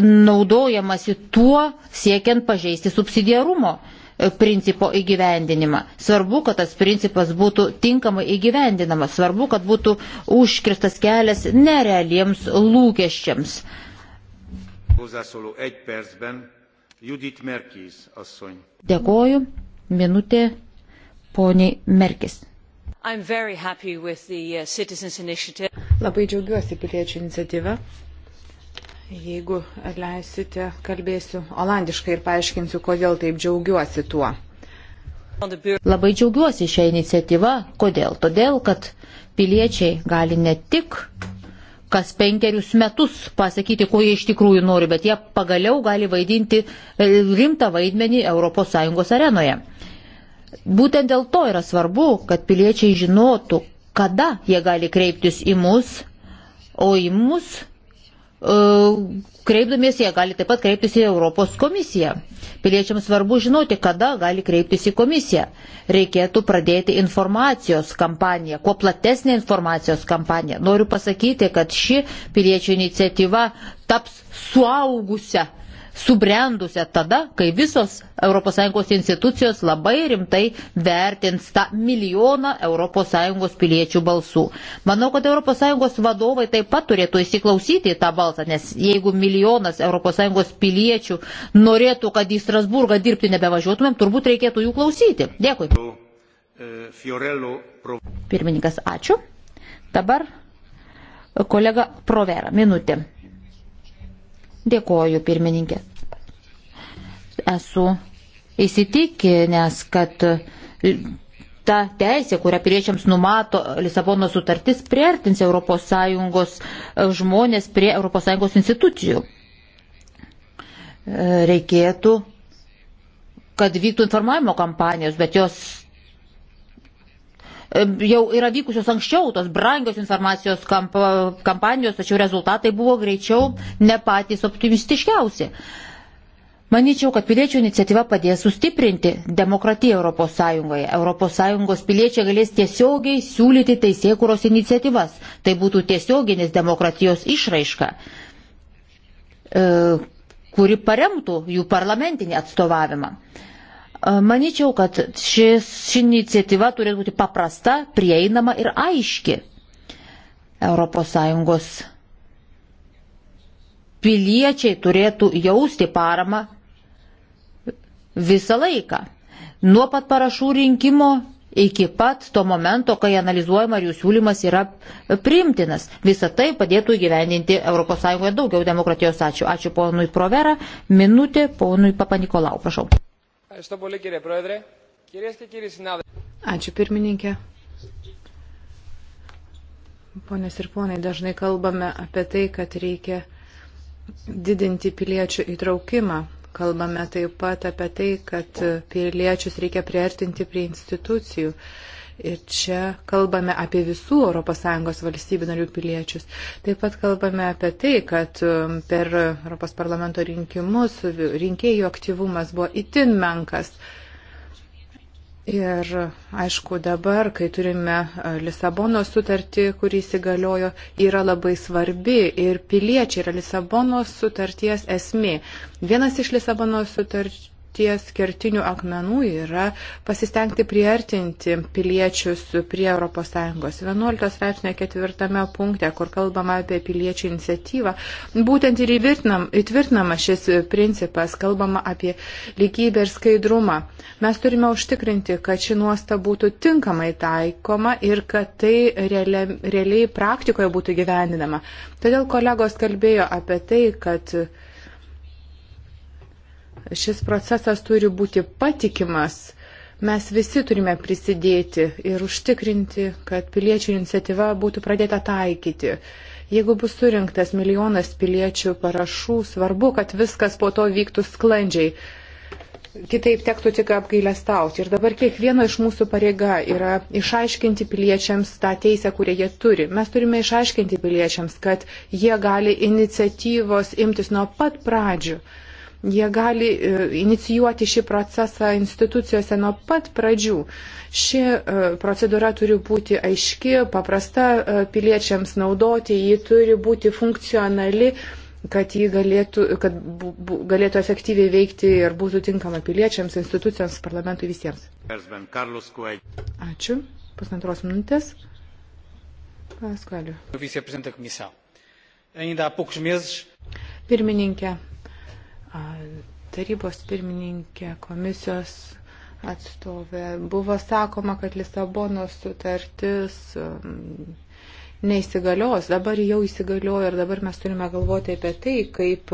naudojamasi tuo siekiant pažeisti subsidiarumo principo įgyvendinimą. Svarbu, kad tas principas būtų tinkamai įgyvendinamas, svarbu, kad būtų užkirstas kelias nerealiems lūkesčiams. Dėkoju. Minutė poniai Merkis. Uh, Labai džiaugiuosi piliečių iniciatyva Jeigu leisite, kalbėsiu olandiškai ir paaiškinsiu, kodėl taip džiaugiuosi tuo. Labai džiaugiuosi šią iniciatyvą. Kodėl? Todėl, kad piliečiai gali ne tik kas penkerius metus pasakyti, ko jie iš tikrųjų nori, bet jie pagaliau gali vaidinti e, rimtą vaidmenį ES arenoje. Būtent dėl to yra svarbu, kad piliečiai žinotų, kada jie gali kreiptis į mus, o į mus Kreipdamiesi jie gali taip pat kreiptis į Europos komisiją. Piliečiams svarbu žinoti, kada gali kreiptis į komisiją. Reikėtų pradėti informacijos kampaniją, kuo platesnė informacijos kampanija. Noriu pasakyti, kad ši piliečių iniciatyva taps suaugusią subrendusią tada, kai visos ES institucijos labai rimtai vertins tą milijoną ES piliečių balsų. Manau, kad ES vadovai taip pat turėtų įsiklausyti į tą balsą, nes jeigu milijonas ES piliečių norėtų, kad į Strasburgą dirbti nebevažiuotumėm, turbūt reikėtų jų klausyti. Dėkui. Pirmininkas, ačiū. Dabar kolega Provera, minutė. Dėkoju, pirmininkė. Esu įsitikinęs, kad ta teisė, kurią piliečiams numato Lisabono sutartis, priartins ES žmonės prie ES institucijų. Reikėtų, kad vyktų informavimo kampanijos, bet jos jau yra vykusios anksčiau tos brangios informacijos kamp kampanijos, tačiau rezultatai buvo greičiau ne patys optimistiškiausi. Maničiau, kad piliečių iniciatyva padės sustiprinti demokratiją ES. ES piliečiai galės tiesiogiai siūlyti teisėkuros iniciatyvas. Tai būtų tiesioginis demokratijos išraiška, e, kuri paremtų jų parlamentinį atstovavimą. Maničiau, kad šis, ši iniciatyva turėtų būti paprasta, prieinama ir aiški. ES piliečiai turėtų jausti paramą visą laiką. Nuo pat parašų rinkimo iki pat to momento, kai analizuojama, ar jų siūlymas yra priimtinas. Visą tai padėtų įgyvendinti ES daugiau demokratijos. Ačiū. Ačiū ponui Provera. Minutė ponui Papanikolau. Prašau. Ačiū pirmininkė. Ponės ir ponai, dažnai kalbame apie tai, kad reikia didinti piliečių įtraukimą. Kalbame taip pat apie tai, kad piliečius reikia priartinti prie institucijų. Uh, Ir čia kalbame apie visų ES valstybių narių piliečius. Taip pat kalbame apie tai, kad um, per ES parlamento rinkimus rinkėjų aktyvumas buvo itin menkas. Ir aišku, dabar, kai turime Lisabono sutartį, kurį įsigaliojo, yra labai svarbi ir piliečiai yra Lisabono sutarties esmė. Vienas iš Lisabono sutarčių ties kertinių akmenų yra pasistengti priartinti piliečius prie ES. 11 straipsnio ketvirtame punkte, kur kalbama apie piliečių iniciatyvą, būtent ir įtvirtinama šis principas, kalbama apie lygybę ir skaidrumą. Mes turime užtikrinti, kad ši nuosta būtų tinkamai taikoma ir kad tai realiai, realiai praktikoje būtų gyvendinama. Todėl kolegos kalbėjo apie tai, kad Šis procesas turi būti patikimas. Mes visi turime prisidėti ir užtikrinti, kad piliečių iniciatyva būtų pradėta taikyti. Jeigu bus surinktas milijonas piliečių parašų, svarbu, kad viskas po to vyktų sklandžiai. Kitaip tektų tik apgailę stauti. Ir dabar kiekvieno iš mūsų pareiga yra išaiškinti piliečiams tą teisę, kurią jie turi. Mes turime išaiškinti piliečiams, kad jie gali iniciatyvos imtis nuo pat pradžių. Jie gali e, inicijuoti šį procesą institucijose nuo pat pradžių. Ši e, procedūra turi būti aiški, paprasta e, piliečiams naudoti, ji turi būti funkcionali, kad ji galėtų, kad bu, bu, galėtų efektyviai veikti ir būtų tinkama piliečiams, institucijoms, parlamentui visiems. Ačiū. Pusantros minutės. Paskualiu. Vice-presidente Comissão. Ainda há poucos meses. Pirmininkė, tarybos pirmininkė, komisijos atstovė. Buvo sakoma, kad Lisabonos sutartis um, neįsigalios. Dabar jau įsigaliojo ir dabar mes turime galvoti apie tai, kaip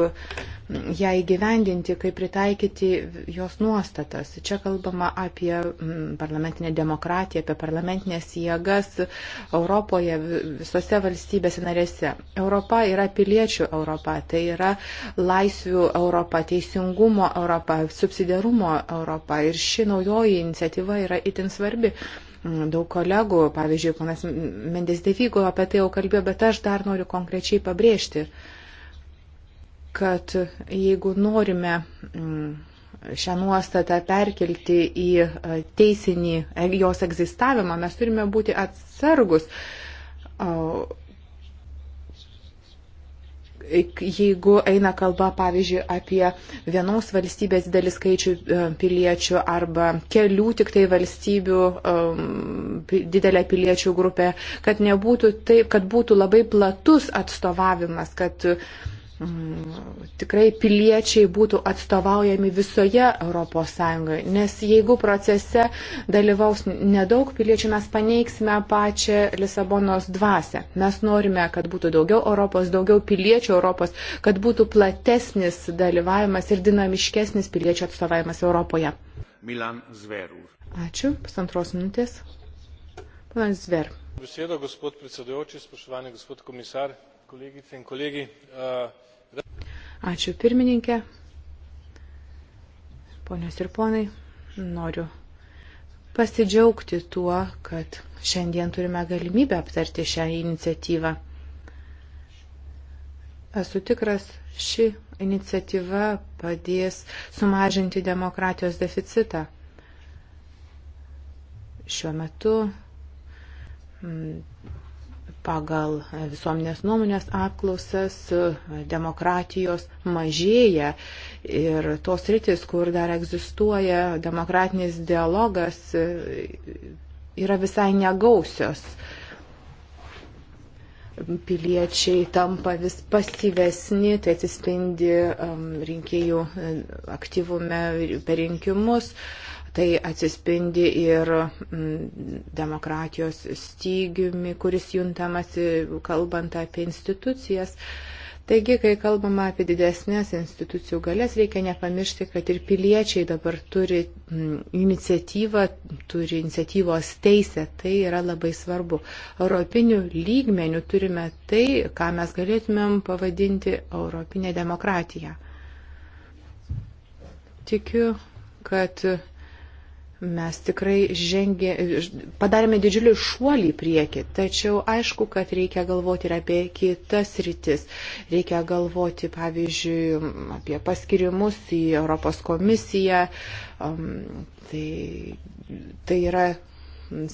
ją įgyvendinti, kaip pritaikyti jos nuostatas. Čia kalbama apie mm, parlamentinę demokratiją, apie parlamentinės jėgas Europoje, visose valstybėse narėse. Europa yra piliečių Europa, tai yra laisvių Europa, teisingumo Europa, subsidiarumo Europa ir ši naujoji iniciatyva yra itin svarbi daug kolegų, pavyzdžiui, ponas Mendes Defigo apie tai jau kalbėjo, bet aš dar noriu konkrečiai pabrėžti, kad jeigu norime mm, šią nuostatą perkelti į e, teisinį e, jos egzistavimą, mes turime būti atsargus jeigu eina kalba, pavyzdžiui, apie vienos valstybės didelį skaičių e, piliečių arba kelių tik tai valstybių e, didelę piliečių grupę, kad nebūtų taip, kad būtų labai platus atstovavimas, kad Mm, tikrai piliečiai būtų atstovaujami visoje ES. Nes jeigu procese dalyvaus nedaug piliečių, mes paneiksime pačią Lisabonos dvasę. Mes norime, kad būtų daugiau Europos, daugiau piliečių Europos, kad būtų platesnis dalyvavimas ir dinamiškesnis piliečių atstovavimas Europoje. Milan Zverų. Ačiū, pusantros minutės. Pan Zver. Besedo, gospod predsedujoči, spoštovani gospod komisar, kolegice in kolegi. Uh, Ačiū pirmininkė. Ponios ir ponai, noriu pasidžiaugti tuo, kad šiandien turime galimybę aptarti šią iniciatyvą. Esu tikras, ši iniciatyva padės sumažinti demokratijos deficitą. Šiuo metu mm, pagal visuomenės nuomonės apklausas demokratijos mažėja ir tos rytis, kur dar egzistuoja demokratinis dialogas, yra visai negausios. Piliečiai tampa vis pasyvesni, tai atsispindi um, rinkėjų uh, aktyvume per rinkimus. Uh, Tai atsispindi ir mm, demokratijos stygiumi, kuris juntamas kalbant apie institucijas. Taigi, kai kalbama apie didesnės institucijų galės, reikia nepamiršti, kad ir piliečiai dabar turi mm, iniciatyvą, turi iniciatyvos teisę. Tai yra labai svarbu. Europinių lygmenių turime tai, ką mes galėtumėm pavadinti Europinė demokratija. Tikiu, kad Mes tikrai žengė, padarėme didžiulį šuolį į priekį, tačiau aišku, kad reikia galvoti ir apie kitas rytis. Reikia galvoti, pavyzdžiui, apie paskirimus į Europos komisiją. Um, tai, tai yra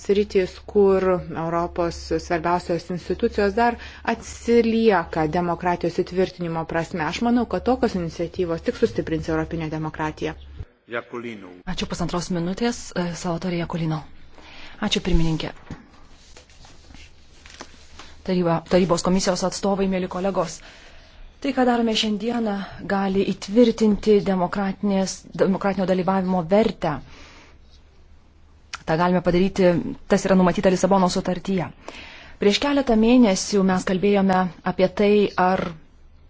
sritis, kur Europos svarbiausios institucijos dar atsilieka demokratijos įtvirtinimo prasme. Aš manau, kad tokios iniciatyvos tik sustiprins Europinę demokratiją. Jakolino. Ačiū pusantros minutės, e, Salvatorija Jakolino. Ačiū pirmininkė. Taryba, tarybos komisijos atstovai, mėly kolegos. Tai, ką darome šiandieną, gali įtvirtinti demokratinio dalyvavimo vertę. Ta galime padaryti, tas yra numatyta Lisabono sutartyje. Prieš keletą mėnesių mes kalbėjome apie tai, ar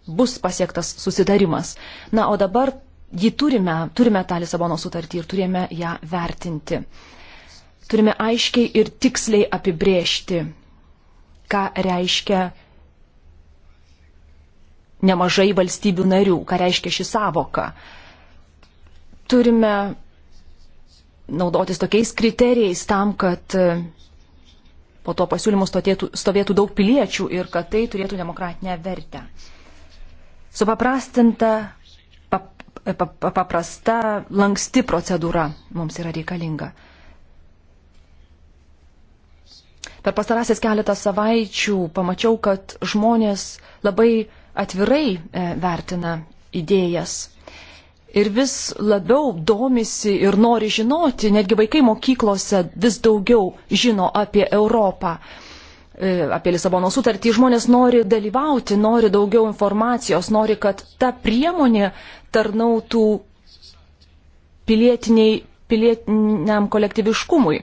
bus pasiektas susitarimas. Na, o dabar jį turime, turime tą Lisabono sutartį ir turime ją vertinti. Turime aiškiai ir tiksliai apibrėžti, ką reiškia nemažai valstybių narių, ką reiškia ši savoka. Turime naudotis tokiais kriterijais tam, kad e, po to pasiūlymus stovėtų, stovėtų daug piliečių ir kad tai turėtų demokratinę vertę. Supaprastinta paprasta, lanksti procedūra mums yra reikalinga. Per pastarąsias keletą savaičių pamačiau, kad žmonės labai atvirai e, vertina idėjas ir vis labiau domisi ir nori žinoti, netgi vaikai mokyklose vis daugiau žino apie Europą. E, apie Lisabono sutartį, žmonės nori dalyvauti, nori daugiau informacijos, nori, kad ta priemonė tarnautų pilietiniai, pilietiniam kolektyviškumui.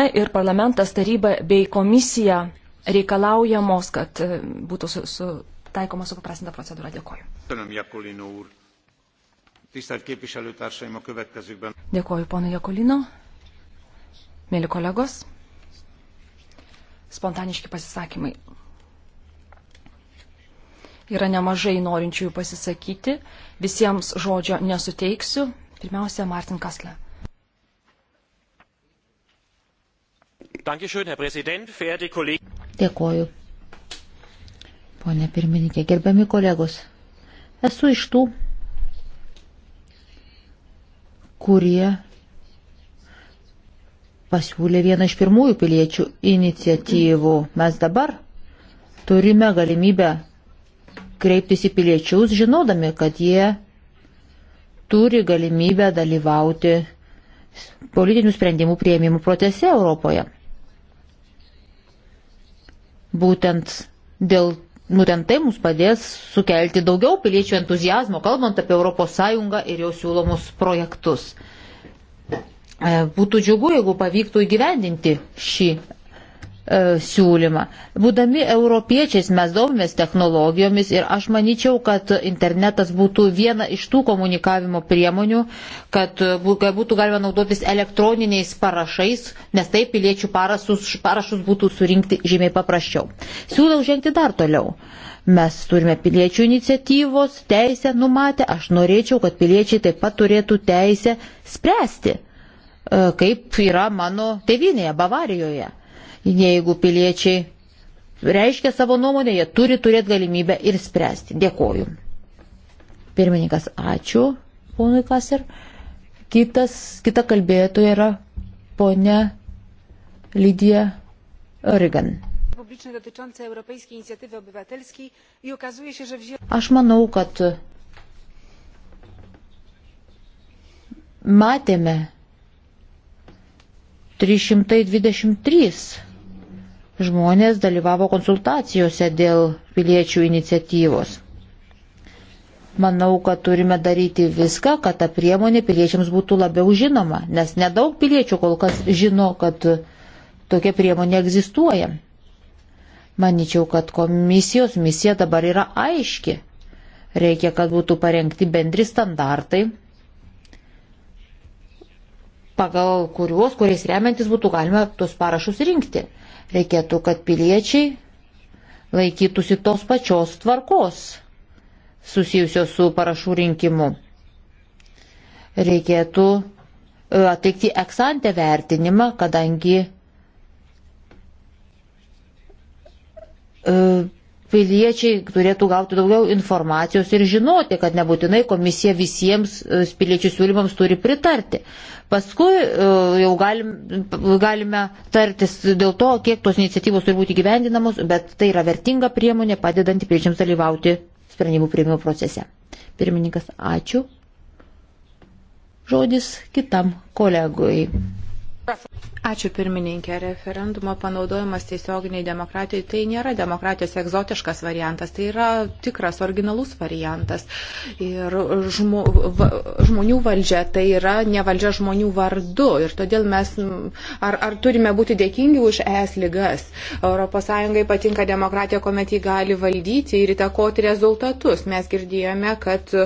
Na ir parlamentas, taryba bei komisija reikalaujamos, kad e, būtų su, su taikoma supaprastinta procedūra. Dėkoju. Dėkoju, ponai Jakolino. Mėly kolegos spontaniški pasisakymai. Yra nemažai norinčiųjų pasisakyti. Visiems žodžio nesuteiksiu. Pirmiausia, Martin Kasle. Dėkoju. Pone pirmininkė, gerbiami kolegos, esu iš tų, kurie pasiūlė vieną iš pirmųjų piliečių iniciatyvų. Mes dabar turime galimybę kreiptis į piliečius, žinodami, kad jie turi galimybę dalyvauti politinių sprendimų prieimimų procese Europoje. Būtent, dėl, būtent nu, tai mums padės sukelti daugiau piliečių entuzijazmo, kalbant apie ES ir jos siūlomus projektus. E, būtų džiugu, jeigu pavyktų įgyvendinti šį e, siūlymą. Būdami europiečiais mes domės technologijomis ir aš manyčiau, kad internetas būtų viena iš tų komunikavimo priemonių, kad būtų galima naudotis elektroniniais parašais, nes taip piliečių parašus, parašus būtų surinkti žymiai paprasčiau. Siūlau žengti dar toliau. Mes turime piliečių iniciatyvos, teisę numatę, aš norėčiau, kad piliečiai taip pat turėtų teisę spręsti E, kaip yra mano tevinėje, Bavarijoje. Jeigu piliečiai reiškia savo nuomonę, jie turi turėti galimybę ir spręsti. Dėkoju. Pirmininkas, ačiū, ponui Kaser. Kitas, kita kalbėtoja yra ponia Lydija Oregon. Aš manau, kad matėme 323 žmonės dalyvavo konsultacijose dėl piliečių iniciatyvos. Manau, kad turime daryti viską, kad ta priemonė piliečiams būtų labiau žinoma, nes nedaug piliečių kol kas žino, kad tokia priemonė egzistuoja. Maničiau, kad komisijos misija dabar yra aiški. Reikia, kad būtų parengti bendri standartai pagal kuriuos, kuriais remiantis būtų galima tuos parašus rinkti. Reikėtų, kad piliečiai laikytųsi tos pačios tvarkos susijusios su parašų rinkimu. Reikėtų e, atlikti eksantę vertinimą, kadangi e, piliečiai turėtų gauti daugiau informacijos ir žinoti, kad nebūtinai komisija visiems e, piliečių siūlymams turi pritarti. Paskui e, jau galim, galime tartis dėl to, kiek tos iniciatyvos turi būti gyvendinamos, bet tai yra vertinga priemonė padedanti piliečiams dalyvauti sprendimų prieimimo procese. Pirmininkas, ačiū. Žodis kitam kolegui. Ačiū pirmininkė. Referendumo panaudojimas tiesioginiai demokratijai tai nėra demokratijos egzotiškas variantas, tai yra tikras originalus variantas. Ir žmo, va, žmonių valdžia tai yra ne valdžia žmonių vardu. Ir todėl mes ar, ar turime būti dėkingi už ES lygas. ES patinka demokratija, kuomet jį gali valdyti ir įtakoti rezultatus. Mes girdėjome, kad e,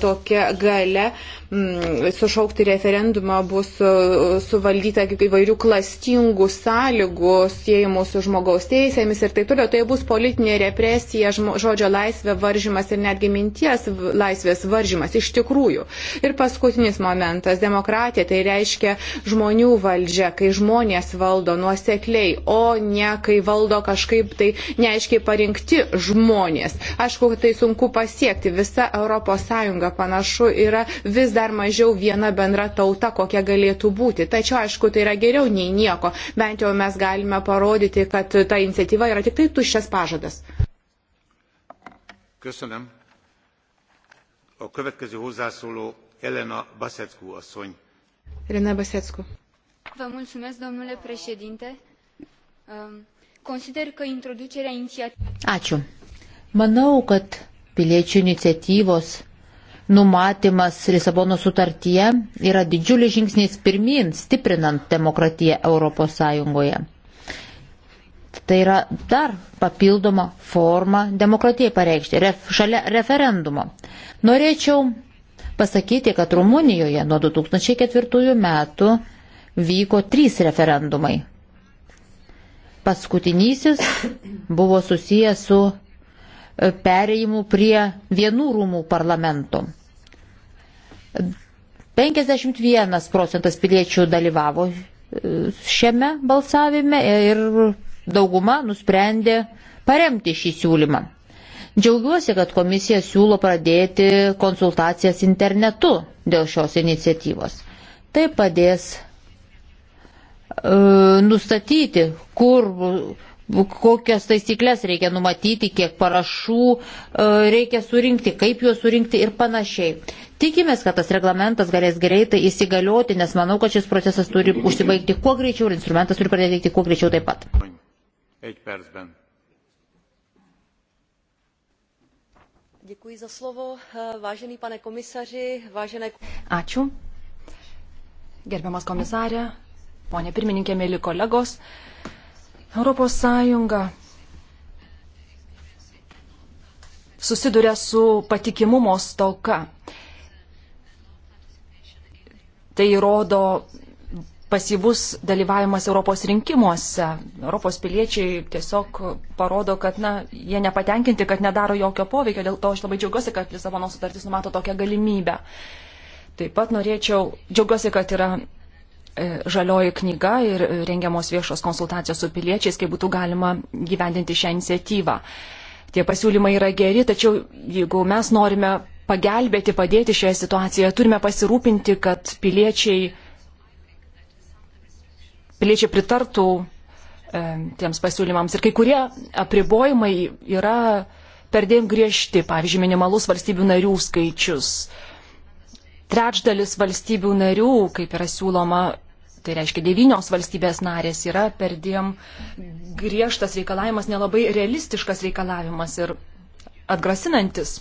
tokia gale m, sušaukti referendumą bus e, suvaldyta įvairių įvairių klastingų sąlygų siejimų su žmogaus teisėmis ir taip toliau. Tai bus politinė represija, žodžio laisvė varžymas ir netgi minties laisvės varžymas iš tikrųjų. Ir paskutinis momentas - demokratija, tai reiškia žmonių valdžia, kai žmonės valdo nuosekliai, o ne kai valdo kažkaip tai neaiškiai parinkti žmonės. Aišku, tai sunku pasiekti. Visa ES panašu yra vis dar mažiau viena bendra tauta, kokia galėtų būti. Tačiau, aišku, tai yra geriau geriau nei nieko. Bent jau mes galime parodyti, kad ta iniciatyva yra tik tai tuščias pažadas. Köszönöm. A következő hozzászóló Elena Basescu asszony. Elena Basescu. Vă mulțumesc, domnule președinte. Um, consider că introducerea inițiativei. Ačiū. Manau, kad piliečių iniciatyvos numatymas Lisabono sutartyje yra didžiulis žingsnis pirmin, stiprinant demokratiją Europos Sąjungoje. Tai yra dar papildoma forma demokratijai pareikšti, ref, šalia referendumo. Norėčiau pasakyti, kad Rumunijoje nuo 2004 metų vyko trys referendumai. Paskutinysis buvo susijęs su e, perėjimu prie vienų rūmų parlamento. 51 procentas piliečių dalyvavo e, šiame balsavime ir dauguma nusprendė paremti šį siūlymą. Džiaugiuosi, kad komisija siūlo pradėti konsultacijas internetu dėl šios iniciatyvos. Tai padės e, nustatyti, kur, kokias taisyklės reikia numatyti, kiek parašų e, reikia surinkti, kaip juos surinkti ir panašiai. Tikimės, kad tas reglamentas galės greitai įsigalioti, nes manau, kad šis procesas turi užsibaigti kuo greičiau ir instrumentas turi pradėti veikti kuo greičiau taip pat. Děkuji za slovo, vážený pane komisaři, vážené... Ačiū. Gerbiamas komisarė, ponė pirmininkė, mėly kolegos, Europos Sąjunga susiduria su patikimumo stoka Tai rodo pasyvus dalyvavimas Europos rinkimuose. Europos piliečiai tiesiog parodo, kad na, jie nepatenkinti, kad nedaro jokio poveikio. Dėl to aš labai džiaugiuosi, kad Lisabono sutartis numato tokią galimybę. Taip pat norėčiau, džiaugiuosi, kad yra e, žalioji knyga ir rengiamos viešos konsultacijos su piliečiais, kaip būtų galima gyvendinti šią iniciatyvą. Tie pasiūlymai yra geri, tačiau jeigu mes norime pagelbėti, padėti šioje situacijoje. Turime pasirūpinti, kad piliečiai, piliečiai pritartų e, tiems pasiūlymams. Ir kai kurie apribojimai yra perdėm griežti, pavyzdžiui, minimalus valstybių narių skaičius. Trečdalis valstybių narių, kaip yra siūloma, tai reiškia devynios valstybės narės, yra perdėm griežtas reikalavimas, nelabai realistiškas reikalavimas ir atgrasinantis.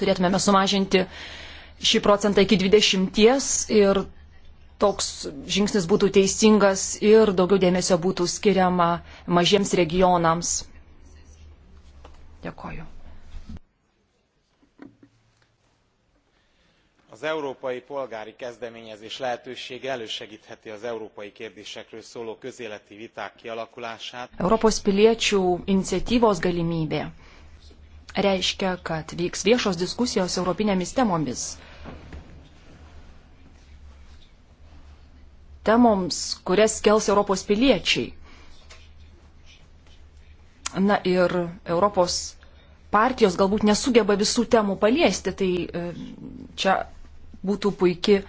Turėtumėme sumažinti šį procentą iki 20 ir toks žingsnis būtų teisingas ir daugiau dėmesio būtų skiriama mažiems regionams. Dėkoju. Az európai polgári kezdeményezés lehetősége elősegítheti az európai kérdésekről szóló közéleti viták kialakulását. Europos piliečių iniciatyvos galimybė reiškia, kad vyks viešos diskusijos europinėmis temomis. Temoms, kurias kels Europos piliečiai. Na ir Europos partijos galbūt nesugeba visų temų paliesti, tai e, čia būtų puikia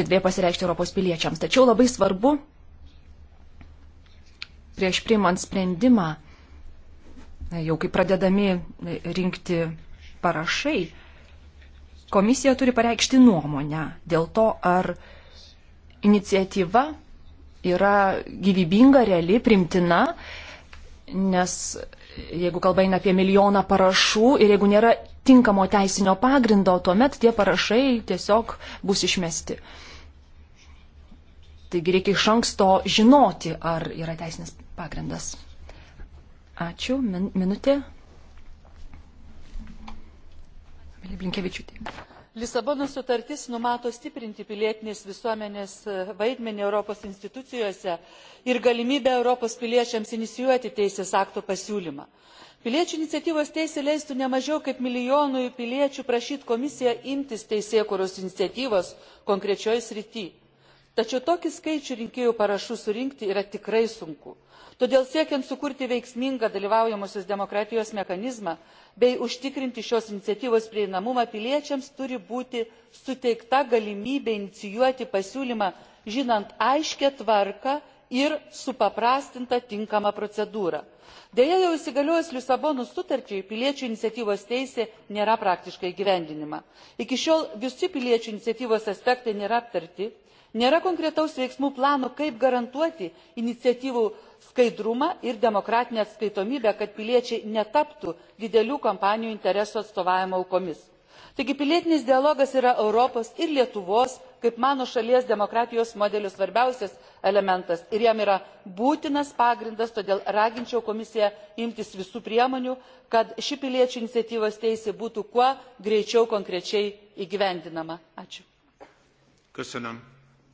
erdvė pasireikšti Europos piliečiams. Tačiau labai svarbu prieš priimant sprendimą jau kai pradedami rinkti parašai, komisija turi pareikšti nuomonę dėl to, ar iniciatyva yra gyvybinga, reali, primtina, nes jeigu kalba eina apie milijoną parašų ir jeigu nėra tinkamo teisinio pagrindo, tuomet tie parašai tiesiog bus išmesti. Taigi reikia iš anksto žinoti, ar yra teisinis pagrindas Ačiū. Min minutė. Milė Blinkevičiūtė. Lisabonos sutartis numato stiprinti pilietinės visuomenės vaidmenį Europos institucijose ir galimybę Europos piliečiams inicijuoti teisės aktų pasiūlymą. Piliečių iniciatyvos teisė leistų ne mažiau kaip milijonui piliečių prašyti komisiją imtis teisėkuros iniciatyvos konkrečioje srityje tačiau tokį skaičių rinkėjų parašų surinkti yra tikrai sunku todėl siekiant sukurti veiksmingą dalyvaujamosios demokratijos mechanizmą bei užtikrinti šios iniciatyvos prieinamumą piliečiams turi būti suteikta galimybė inicijuoti pasiūlymą žinant aiškią tvarką ir supaprastintą tinkamą procedūrą. deja jau įsigaliojus lisabonos sutarčiai piliečių iniciatyvos teisė nėra praktiškai įgyvendinama. iki šiol visi piliečių iniciatyvos aspektai nėra aptarti nėra konkretaus veiksmų plano kaip garantuoti iniciatyvų skaidrumą ir demokratinę atskaitomybę kad piliečiai netaptų didelių kompanijų interesų atstovavimo aukomis. taigi pilietinis dialogas yra europos ir lietuvos kaip mano šalies demokratijos modelio svarbiausias elementas ir jam yra būtinas pagrindas todėl raginčiau komisiją imtis visų priemonių kad ši piliečių iniciatyvos teisė būtų kuo greičiau konkrečiai įgyvendinama. ačiū.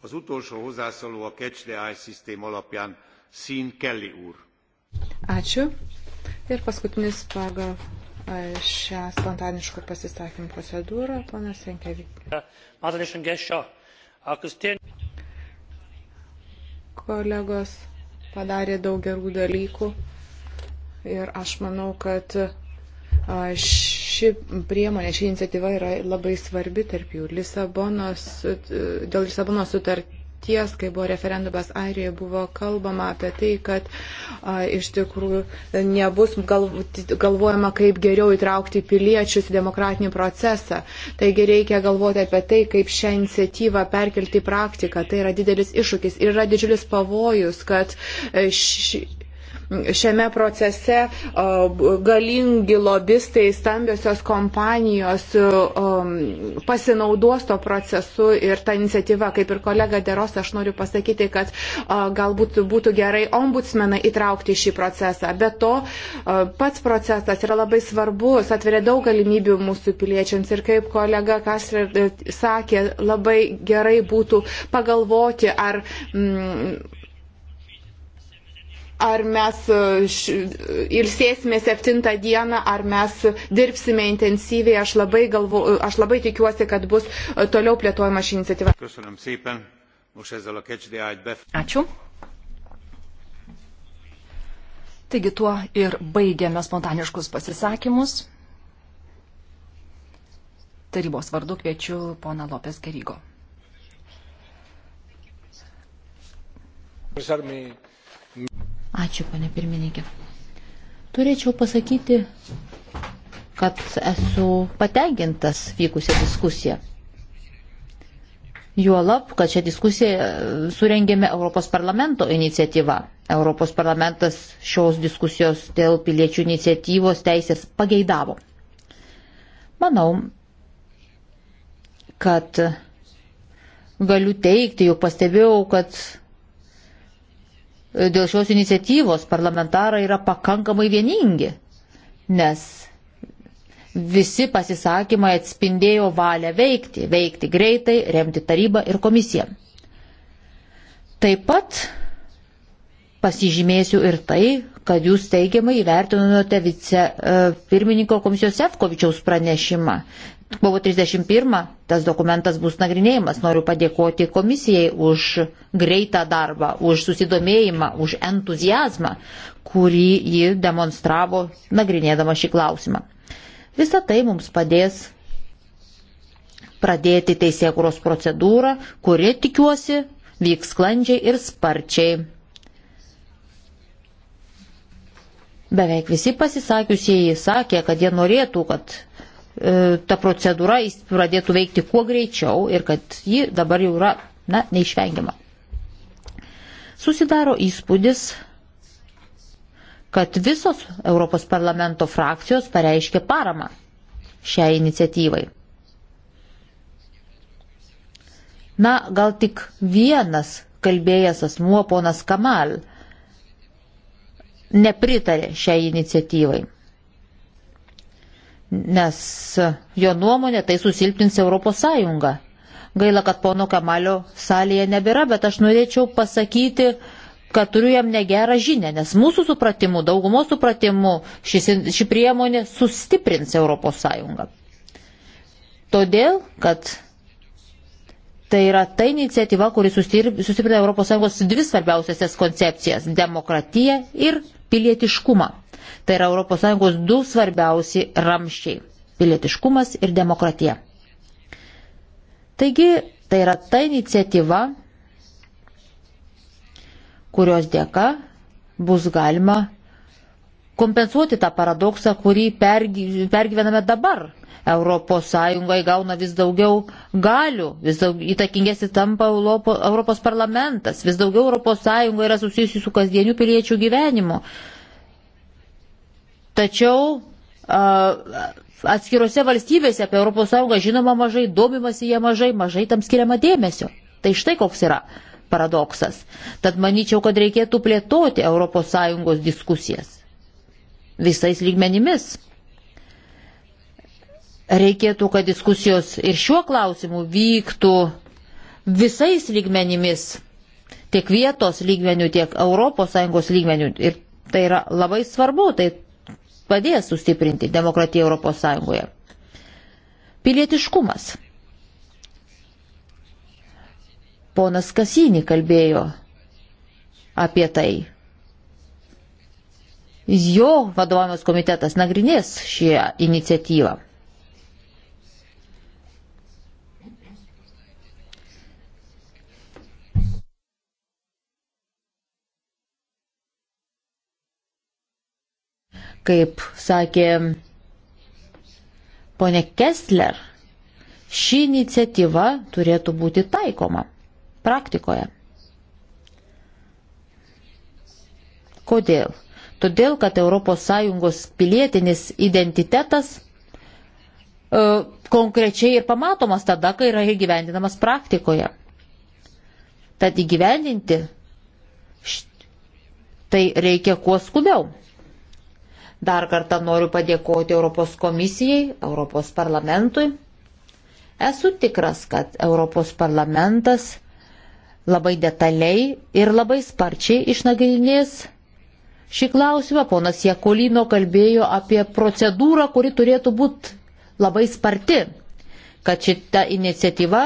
Az utolsó hozzászóló a Catch-the-Eye szisztém alapján Szín Kelly úr. Ačiū. Ir paskutinis pagal e, šią spontaniškų pasisakymų procedūrą, ponas Renkevičius. Kolegos padarė daug gerų dalykų ir aš manau, kad aš e, ši priemonė, ši iniciatyva yra labai svarbi tarp jų. Lisabonos, dėl Lisabonos sutarties, kai buvo referendumas Airijoje, buvo kalbama apie tai, kad a, iš tikrųjų nebus gal, galvojama, kaip geriau įtraukti piliečius į demokratinį procesą. Taigi reikia galvoti apie tai, kaip šią iniciatyvą perkelti į praktiką. Tai yra didelis iššūkis ir yra didžiulis pavojus, kad e, ši šiame procese galingi lobistai, stambiosios kompanijos pasinaudos to procesu ir tą iniciatyvą, kaip ir kolega Deros, aš noriu pasakyti, kad galbūt būtų gerai ombudsmeną įtraukti į šį procesą. Be to, pats procesas yra labai svarbus, atveria daug galimybių mūsų piliečiams ir kaip kolega Kasler e, sakė, labai gerai būtų pagalvoti, ar. Mm, ar mes e, ilsėsime septintą dieną, ar mes dirbsime intensyviai. Aš labai, galvo, e, aš labai tikiuosi, kad bus e, toliau plėtojama ši iniciatyva. Ačiū. Taigi tuo ir baigiame spontaniškus pasisakymus. Tarybos vardu kviečiu pona Lopes Gerigo. Ačiū, ponė pirmininkė. Turėčiau pasakyti, kad esu patenkintas vykusią diskusiją. Juolab, kad šią diskusiją surengėme Europos parlamento iniciatyvą. Europos parlamentas šios diskusijos dėl piliečių iniciatyvos teisės pageidavo. Manau, kad galiu teikti, jau pastebėjau, kad dėl šios iniciatyvos parlamentarai yra pakankamai vieningi, nes visi pasisakymai atspindėjo valią veikti, veikti greitai, remti tarybą ir komisiją. Taip pat pasižymėsiu ir tai, kad jūs teigiamai įvertinote vice e, pirmininko komisijos Sefkovičiaus pranešimą Kovo 31 tas dokumentas bus nagrinėjimas. Noriu padėkoti komisijai už greitą darbą, už susidomėjimą, už entuzijazmą, kurį ji demonstravo nagrinėdama šį klausimą. Visą tai mums padės pradėti teisėkuros procedūrą, kuri, tikiuosi, vyks sklandžiai ir sparčiai. Beveik visi pasisakiusieji sakė, kad jie norėtų, kad E, ta procedūra pradėtų veikti kuo greičiau ir kad ji dabar jau yra, na, neišvengiama. Susidaro įspūdis, kad visos Europos parlamento frakcijos pareiškė paramą šiai iniciatyvai. Na, gal tik vienas kalbėjęs asmuo, ponas Kamal, nepritarė šiai iniciatyvai nes jo nuomonė tai susilpnins Europos Sąjungą. Gaila, kad pono Kamalio salėje nebėra, bet aš norėčiau pasakyti, kad turiu jam negerą žinę, nes mūsų supratimu, daugumos supratimu, šis, ši priemonė sustiprins Europos Sąjungą. Todėl, kad tai yra ta iniciatyva, kuri sustiprina Europos Sąjungos dvi svarbiausiasias koncepcijas - demokratiją ir pilietiškumą. Tai yra ES du svarbiausi ramščiai - pilietiškumas ir demokratija. Taigi tai yra ta iniciatyva, kurios dėka bus galima kompensuoti tą paradoksą, kurį pergyvename dabar. ES gauna vis daugiau galių, vis daug įtakingesnis tampa Europos parlamentas, vis daugiau ES yra susijusi su kasdieniu piliečių gyvenimu. Tačiau atskirose valstybėse apie ES žinoma mažai, domimasi jie mažai, mažai tam skiriama dėmesio. Tai štai koks yra paradoksas. Tad manyčiau, kad reikėtų plėtoti ES diskusijas visais lygmenimis. Reikėtų, kad diskusijos ir šiuo klausimu vyktų visais lygmenimis, tiek vietos lygmenių, tiek ES lygmenių. Ir tai yra labai svarbu, tai padės sustiprinti demokratiją Europos Sąjungoje. Pilietiškumas. Ponas Kasinį kalbėjo apie tai. Jo vadovavimas komitetas nagrinės šią iniciatyvą. Kaip sakė ponė Kessler, ši iniciatyva turėtų būti taikoma praktikoje. Kodėl? Todėl, kad ES pilietinis identitetas e, konkrečiai ir pamatomas tada, kai yra įgyvendinamas praktikoje. Tad įgyvendinti tai reikia kuo skubiau. Dar kartą noriu padėkoti Europos komisijai, Europos parlamentui. Esu tikras, kad Europos parlamentas labai detaliai ir labai sparčiai išnagrinės šį klausimą. Ponas Jekolino kalbėjo apie procedūrą, kuri turėtų būti labai sparti, kad šita iniciatyva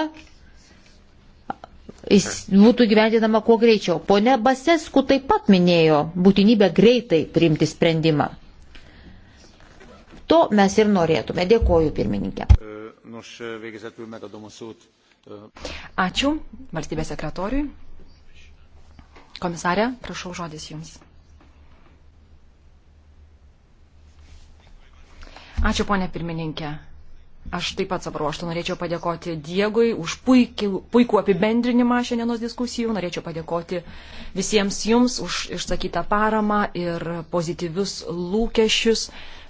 būtų gyvendinama kuo greičiau. Pone Basesku taip pat minėjo būtinybę greitai priimti sprendimą. To mes ir norėtume. Dėkoju, pirmininkė. E, nu, e, Ačiū valstybės sekretoriui. Komisarė, prašau žodis Jums. Ačiū, ponė pirmininkė. Aš taip pat savo ruoštų norėčiau padėkoti Diegui už puikį, puikų apibendrinimą šiandienos diskusijų. Norėčiau padėkoti visiems jums už išsakytą paramą ir pozityvius lūkesčius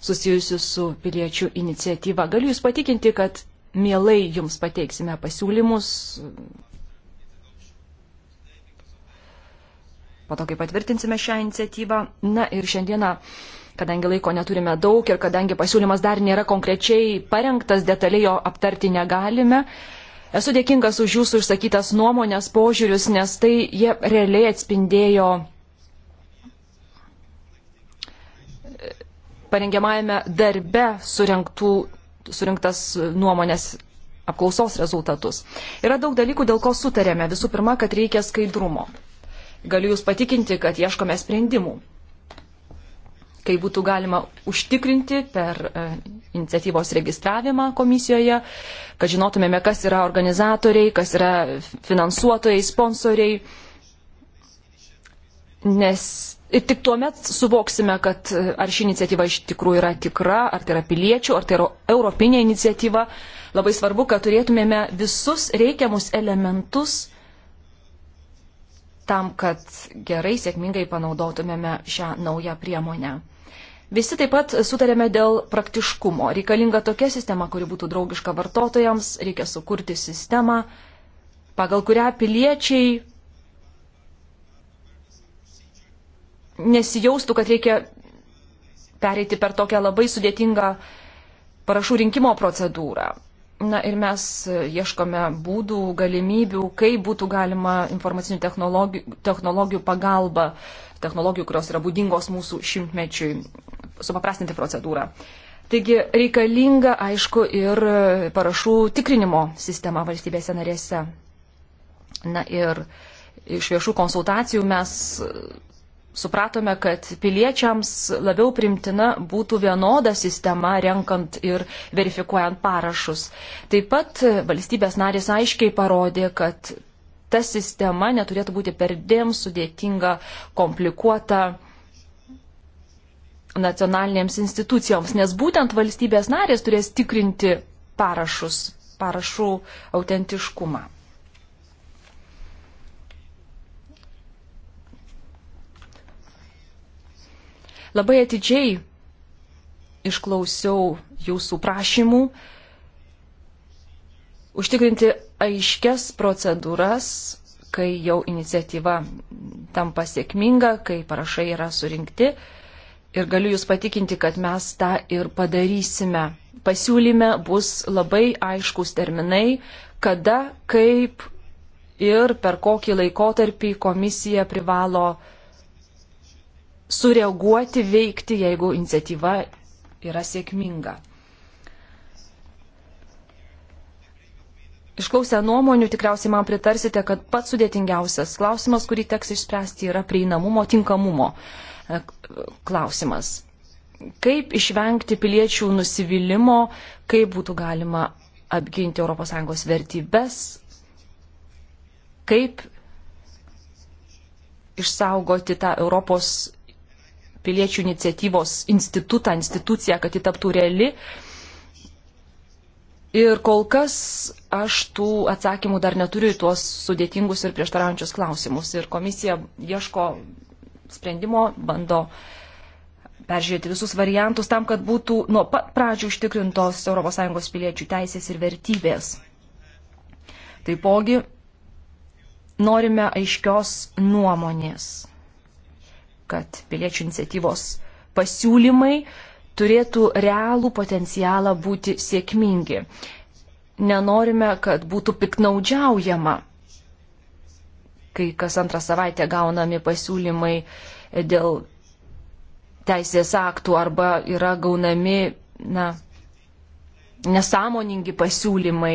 susijusius su piliečių iniciatyva. Galiu jūs patikinti, kad mielai jums pateiksime pasiūlymus. Po to, kai patvirtinsime šią iniciatyvą. Na ir šiandieną Kadangi laiko neturime daug ir kadangi pasiūlymas dar nėra konkrečiai parengtas, detaliai jo aptarti negalime, esu dėkingas už jūsų išsakytas nuomonės, požiūrius, nes tai jie realiai atspindėjo e, parengiamajame darbe surinktų, surinktas nuomonės apklausos rezultatus. Yra daug dalykų, dėl ko sutarėme. Visų pirma, kad reikia skaidrumo. Galiu Jūs patikinti, kad ieškome sprendimų tai būtų galima užtikrinti per e, iniciatyvos registravimą komisijoje, kad žinotumėme, kas yra organizatoriai, kas yra finansuotojai, sponsoriai. Nes ir tik tuo met suvoksime, kad e, ar ši iniciatyva iš tikrųjų yra tikra, ar tai yra piliečių, ar tai yra europinė iniciatyva. Labai svarbu, kad turėtumėme visus reikiamus elementus tam, kad gerai, sėkmingai panaudotumėme šią naują priemonę. Visi taip pat sutarėme dėl praktiškumo. Reikalinga tokia sistema, kuri būtų draugiška vartotojams, reikia sukurti sistemą, pagal kurią piliečiai nesijaustų, kad reikia pereiti per tokią labai sudėtingą parašų rinkimo procedūrą. Na ir mes ieškome būdų, galimybių, kaip būtų galima informacinių technologijų, technologijų pagalba, technologijų, kurios yra būdingos mūsų šimtmečiui, supaprastinti procedūrą. Taigi reikalinga, aišku, ir parašų tikrinimo sistema valstybėse narėse. Na ir iš viešų konsultacijų mes supratome, kad piliečiams labiau primtina būtų vienoda sistema renkant ir verifikuojant parašus. Taip pat valstybės narės aiškiai parodė, kad ta sistema neturėtų būti perdėm sudėtinga, komplikuota nacionalinėms institucijoms, nes būtent valstybės narės turės tikrinti parašus, parašų autentiškumą. Labai atidžiai išklausiau jūsų prašymų užtikrinti aiškias procedūras, kai jau iniciatyva tampa sėkminga, kai parašai yra surinkti, Ir galiu Jūs patikinti, kad mes tą ir padarysime. Pasiūlyme bus labai aiškus terminai, kada, kaip ir per kokį laikotarpį komisija privalo sureaguoti, veikti, jeigu iniciatyva yra sėkminga. Išklausę nuomonių, tikriausiai man pritarsite, kad pats sudėtingiausias klausimas, kurį teks išspręsti, yra prieinamumo, tinkamumo. Uh, E, klausimas. Kaip išvengti piliečių nusivylimų, kaip būtų galima apginti ES vertybės, kaip išsaugoti tą Europos piliečių iniciatyvos institutą, instituciją, kad ji taptų reali. Ir kol kas aš tų atsakymų dar neturiu į tuos sudėtingus ir prieštaraujančius klausimus. Ir komisija ieško sprendimo, bando peržiūrėti visus variantus tam, kad būtų nuo pat pradžių užtikrintos ES piliečių teisės ir vertybės. Taipogi norime aiškios nuomonės, kad piliečių iniciatyvos pasiūlymai turėtų realų potencialą būti sėkmingi. Nenorime, kad būtų piknaudžiaujama kai kas antrą savaitę gaunami pasiūlymai dėl teisės aktų arba yra gaunami na, nesąmoningi pasiūlymai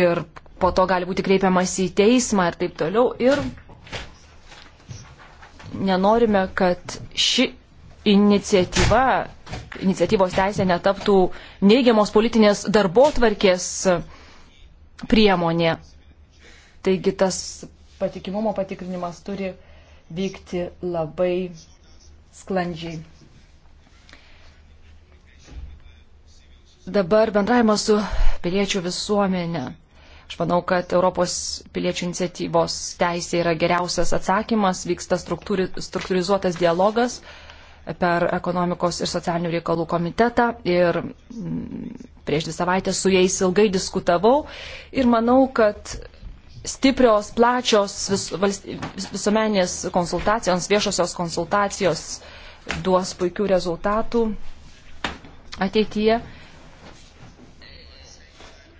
ir po to gali būti kreipiamas į teismą ir taip toliau. Ir nenorime, kad ši iniciatyva, iniciatyvos teisė netaptų neigiamos politinės darbo tvarkės priemonė. Taigi tas patikimumo patikrinimas turi vykti labai sklandžiai. Dabar bendravimas su piliečių visuomenė. Aš manau, kad Europos piliečių iniciatyvos teisė yra geriausias atsakymas, vyksta struktūri, struktūrizuotas dialogas per ekonomikos ir socialinių reikalų komitetą ir prieš dvi savaitės su jais ilgai diskutavau ir manau, kad stiprios, plačios vis, visuomenės konsultacijos, viešosios konsultacijos duos puikių rezultatų ateityje.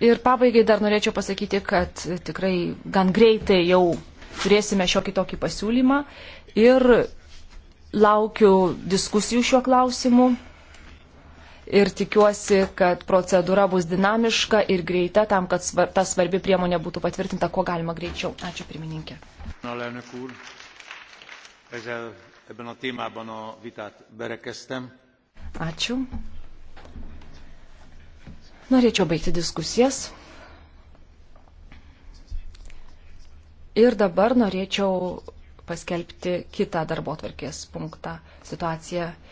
Ir pabaigai dar norėčiau pasakyti, kad tikrai gan greitai jau turėsime šiokį tokį pasiūlymą ir laukiu diskusijų šiuo klausimu ir tikiuosi, kad procedūra bus dinamiška ir greita tam, kad svar, ta svarbi priemonė būtų patvirtinta kuo galima greičiau. Ačiū pirmininkė. Ačiū. Norėčiau baigti diskusijas. Ir dabar norėčiau paskelbti kitą darbo tvarkės punktą situaciją